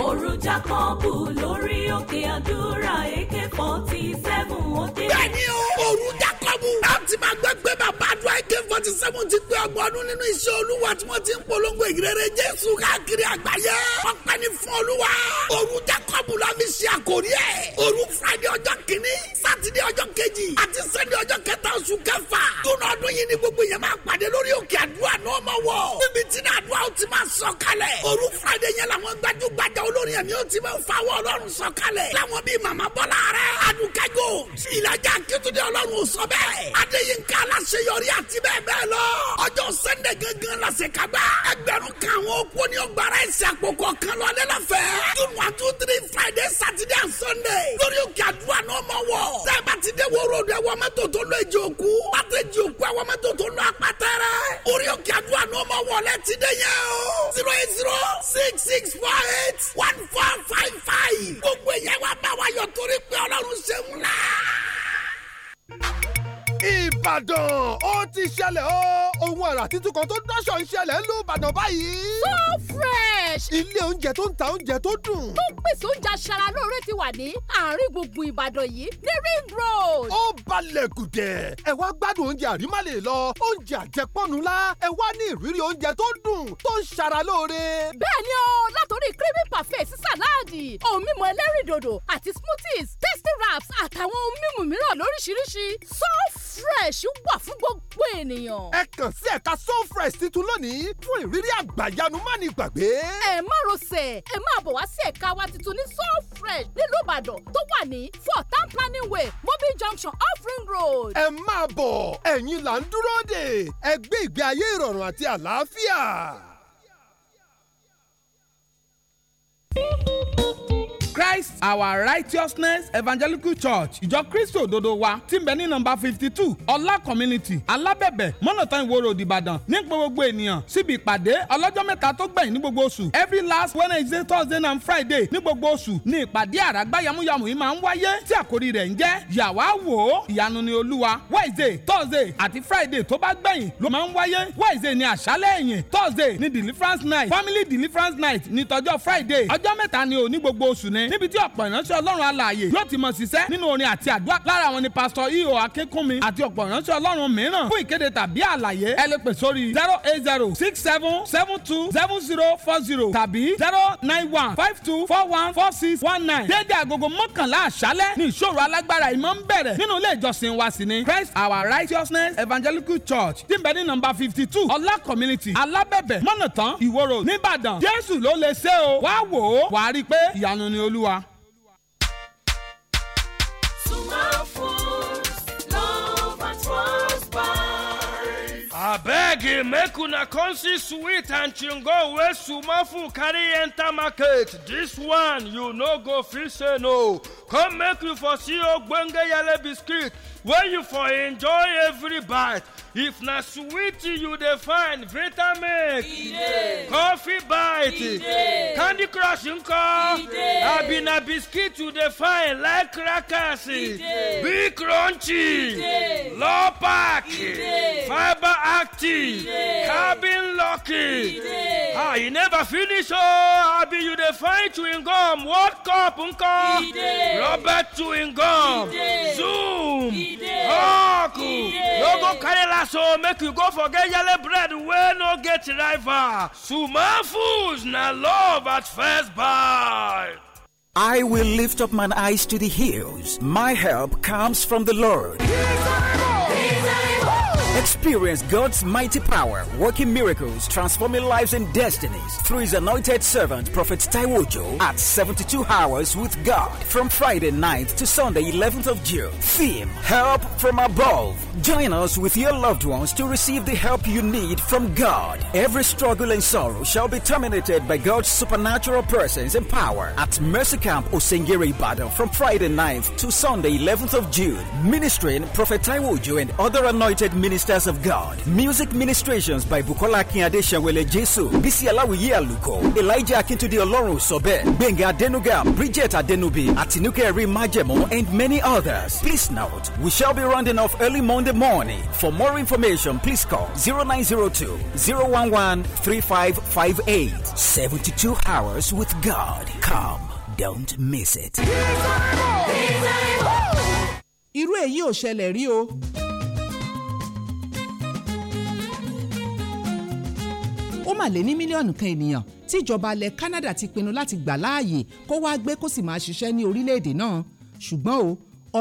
Òru Jákọ́bù lórí òkè àdúrà AK forty seven ó dé. Bẹ́ẹ̀ni o, òru Jákọ́bù Bible. láti máa gbẹ́ pé bàbá àdúrà AK forty seven ti pé ọgbọ̀n ọdún nínú iṣẹ́ olúwa tí wọ́n ti ń polongo ìrere Jésù káàkiri àgbáyé. ọpẹ́ ni fún olúwa. òru Jákọ́bù la ṣe àkórí ẹ̀. òru Friday ọjọ́ kìíní sátidé ọjọ́ kejì àti sẹ́ndé ọjọ́ kẹta oṣù kẹfà. dúnà ọdún yìí ni gbogbo yẹn máa pàdé lórí òkè àdúrà náà mọ̀ wọ̀. níbi tí náà àdúrà ó ti máa sọ kalẹ̀. òru Friday yẹn làwọn gbajúgbajà olórin ẹ̀mí ó ti máa fa ọwọ́ ọlọ́run sọ kalẹ̀. làwọn bíi màmá Bọ́lá Arẹ adùnkẹ́jọ́ ìlàjà kìtùdé ọlọ́run ò sọ bẹ́ẹ̀ bẹ́ẹ̀. adéyínká aláṣeyọrí àti bẹ́ẹ̀ bẹ́ẹ̀ lọ. ọjọ́ sẹ́ndẹ̀ gangan la ṣe gbá. ẹgbẹ̀rún kan àwọn okó ni ó gbára ẹsẹ̀ àpòkọ kan lọ alẹ́ lọ́fẹ̀. june one two friday saturday and sunday. lórí òkè àdúrà náà mọ̀ wọ̀. sẹ́ẹ̀bà ti dé wóró rẹ̀ wọ́n mẹ́tò tó lọ èjì òkú. pàtó èjì òkú àwọn mẹ́tò tó lọ àpàtà rẹ̀. orí òkè àdúrà náà mọ̀ wọ̀ lẹ́ ti dé yẹn o. zero eight zero six six four eight one four five five. gbogbo ìbàdàn ó ti ṣẹlẹ̀ ó ohun àrà títún kan tó dáṣọ ń ṣẹlẹ̀ ń lu ìbàdàn báyìí. so fresh. ilé oúnjẹ tó ń ta oúnjẹ tó dùn. tó pèsè oúnjẹ aṣara lóore ti wà ní àárín gbùngbùn ìbàdàn yìí ní ring road. ó balẹ̀ gùdẹ̀ ẹ wá gbádùn oúnjẹ àrímá lè lọ oúnjẹ àjẹpọ́nu la ẹ wá ní ìrírí oúnjẹ tó dùn tó ń ṣara lóore. bẹ́ẹ̀ ni o látòrí creamy parfait sí sàláàdì ohun mímu ẹlẹ́rìndòdò àti smoothies tasty wraps àtàwọn ohun mímu mìíràn lóríṣiríṣi so fresh fresh wà fún gbogbo ènìyàn. ẹ kàn sí ẹ̀ka so fresh titun lónìí fún ìrírí àgbàyanu má ní gbàgbé. ẹ má rọsẹ̀ ẹ máa bọ̀ wá sí ẹ̀ka wa titun ní so fresh nílùú ìbàdàn tó wà ní four town planning way mobil junction offering road. ẹ máa bọ̀ ẹ̀yin là ń dúró dè ẹ gbé ìgbé ayé ìrọ̀rùn àti àlàáfíà. Beep, boop, Christ Our Righteousness Evangelical Church ìjọ Kristi òdodo wa tí ń bẹ ní nọ́mbà fifty two ọlá community alábẹ̀bẹ̀ mọ́nàtàn ìwòrò òdìbàdàn ní gbogbo ènìyàn síbi ìpàdé ọlọ́jọ́ mẹ́ta tó gbẹ̀yìn ní gbogbo oṣù every last Wednesday Thursday and Friday ní gbogbo oṣù ní ìpàdé àràgbá yamuyamu yìí máa ń wáyé tí àkórí rẹ̀ ń jẹ́ yàwá wò ó ìyanu ni olúwa Wednesday Thursday àti Friday tó bá gbẹ̀yìn ló máa ń wáyé Wednesday ni àṣálẹ̀ ẹ̀yìn Thursday ni deliverance night family deliverance night ní tọjọ́ Friday ọjọ́ mẹ́ta ni òní gbogbo oṣù ni níbi tí ọ̀pọ̀ ìránṣẹ́ ọlọ́run alààyè yóò ti mọ̀ ṣiṣẹ́ nínú orin àti àdúrà lára wọn ni pásítọ̀ iho e akínkúnmi àti ọ̀pọ̀ ìránṣẹ́ ọlọ́run mìíràn fún ìkéde tàbí àlàyé ẹ lè pè sórí zero eight zero six seven seven two seven zero four zero tàbí zero nine one five two four one four six one nine déédéé agogo mọ́kànlá àṣálẹ́ ní ìṣòro alágbára ìmọ̀ ń bẹ̀rẹ̀ nínú ilé ìjọsìn wa sí ni Christ Our Righteousness Evangelical Church tí ń bẹ ní fifty two ọlá community alábẹ̀bẹ̀ mọ̀nàtàn ìwòrò nìbàdàn Jésù ló lè ṣe o wá wò ó wàá rí i pé ìyanu ni olú olúwa. abeg make una come see sweet and chingo wey sumafu carry enter market this one you no go feel say no come make you for see ogbonge yellow biscuit when you for enjoy every bite if na sweet you dey find vitamin, coffee bite candy crush nkọ abi na biscuit you dey find like crackers big crunchy low pack fibre active cabin lucky ah e never finish oh. abi you dey find chewing gum world cup nkọ rubber chewing gum zoom. No go carry lasso, make you go forget yellow bread no get rival. na love at first bite. I will lift up mine eyes to the hills. My help comes from the Lord. Jesus! Experience God's mighty power, working miracles, transforming lives and destinies through His anointed servant, Prophet Taiwojo, at 72 Hours with God from Friday 9th to Sunday 11th of June. Theme Help from Above. Join us with your loved ones to receive the help you need from God. Every struggle and sorrow shall be terminated by God's supernatural presence and power at Mercy Camp Osengiri Badon from Friday 9th to Sunday 11th of June. Ministering Prophet Taiwojo and other anointed ministers Ministers of God. Music ministrations by Bukola Akínadé Ṣẹ̀wẹ̀lẹ̀ Jésù. Bísí Aláwìyí Àlùkò. Elijah Akíntúndé Ọlọ́run Sọ̀bẹ̀. Benga Adenuga, Bridget Adenubi, Atinukeri Majemo and many others. Please note, we shall be rounding off early Monday morning. For more information, please call 0902 011 3558. 72 hours with God. Come, don't miss it. irú èyí ò ṣẹlẹ̀ rí o màlẹ́ ní mílíọ̀nù kan ènìyàn tí ìjọba ilẹ̀ Canada ti pinnu láti gbà láàyè kó wá gbé kó sì máa ṣiṣẹ́ ní orílẹ̀-èdè náà ṣùgbọ́n o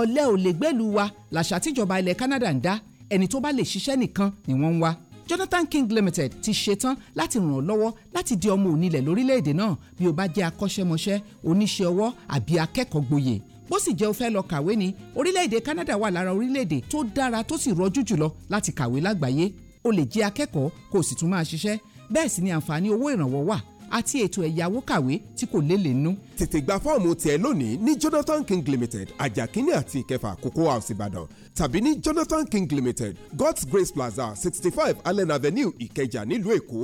ọ̀lẹ ò lè gbẹ́lu wa làṣà tíjọba ilẹ̀ Canada ń dá ẹni tó bá lè ṣiṣẹ́ nìkan ni wọ́n ń wá Jonathan King Limited ti ṣetán láti ràn ọ́ lọ́wọ́ láti di ọmọ onílẹ̀ lórílẹ̀‐èdè náà bí o bá jẹ́ akọ́ṣẹ́mọṣẹ́ oníṣẹ́ ọwọ́ àbí akẹ́kọ̀ọ́ gboyè bó sì jẹ́ o fẹ́ lọ kàwé ní orílẹ̀‐èdè Canada wà lára orílẹ̀‐èdè tó dára tó sì rọjú jùlọ láti kàwé lágbàáyé o lè jẹ́ akẹ́kọ̀ọ́ kó o sì tún máa ṣiṣẹ́ bẹ́ẹ̀ sì ni àǹfààní owó ìrànwọ́ wà àti ètò ẹ̀yáwó kàwé tí kò lélẹ̀ nú. tètè gba fọ́ọ̀mù tiẹ̀ lónìí ní Jonathan King Limited ajakini àti ìkẹfà Cocoa House Ìbàdàn tàbí ní Jonathan King Limited God's Grace Plaza sixty five Allen Avenue Ìkẹjà nílùú Èkó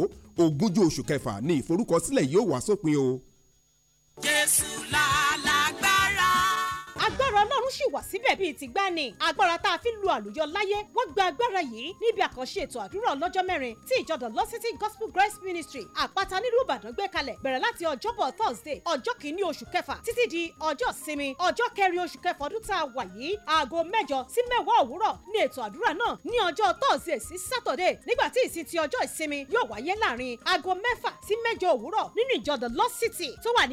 ogúnjọ́ oṣù kẹfà ní ìforúkọsílẹ̀ yóò wá sópin o. Jésù làálàá agbára ọlọ́run sì wà síbẹ̀ bíi ti gbá ni agbára tá a fi lu àlùyọ láyé wọ́n gba agbára yìí níbi àkànṣe ètò àdúrà ọlọ́jọ́ mẹ́rin tí ìjọdọ̀ lọ City Gospel Grace Ministry àpáta nílùú Ìbàdàn gbé kalẹ̀ bẹ̀rẹ̀ láti ọjọ́bọ̀ Thursday ọjọ́ kìíní oṣù kẹfà títí di ọjọ́ sinmi ọjọ́ kẹrin oṣù kẹfà ọdún tá a wà yìí aago mẹ́jọ sí mẹ́wàá òwúrọ̀ ní ètò àdúrà Thursday sí Saturday nígbà tí ìsìn ti ọjọ́ ìsinmi yóò wáyé láàrin aago mẹ́fà sí mẹ́jọ City tó wà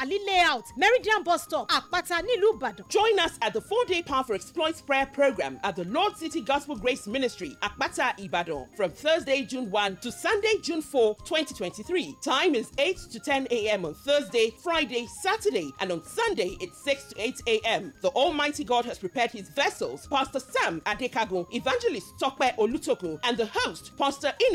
ali layout Meridian bus stop àpáta nílùú Ìbàdàn Ibadan. Join us at the four day Power for Exploits prayer program at the Lord City Gospel Grace Ministry, Akbata Ibadan, from Thursday, June 1 to Sunday, June 4, 2023. Time is 8 to 10 a.m. on Thursday, Friday, Saturday, and on Sunday, it's 6 to 8 a.m. The Almighty God has prepared his vessels, Pastor Sam Adekago, Evangelist Tokwe Olutoku, and the host, Pastor Ino.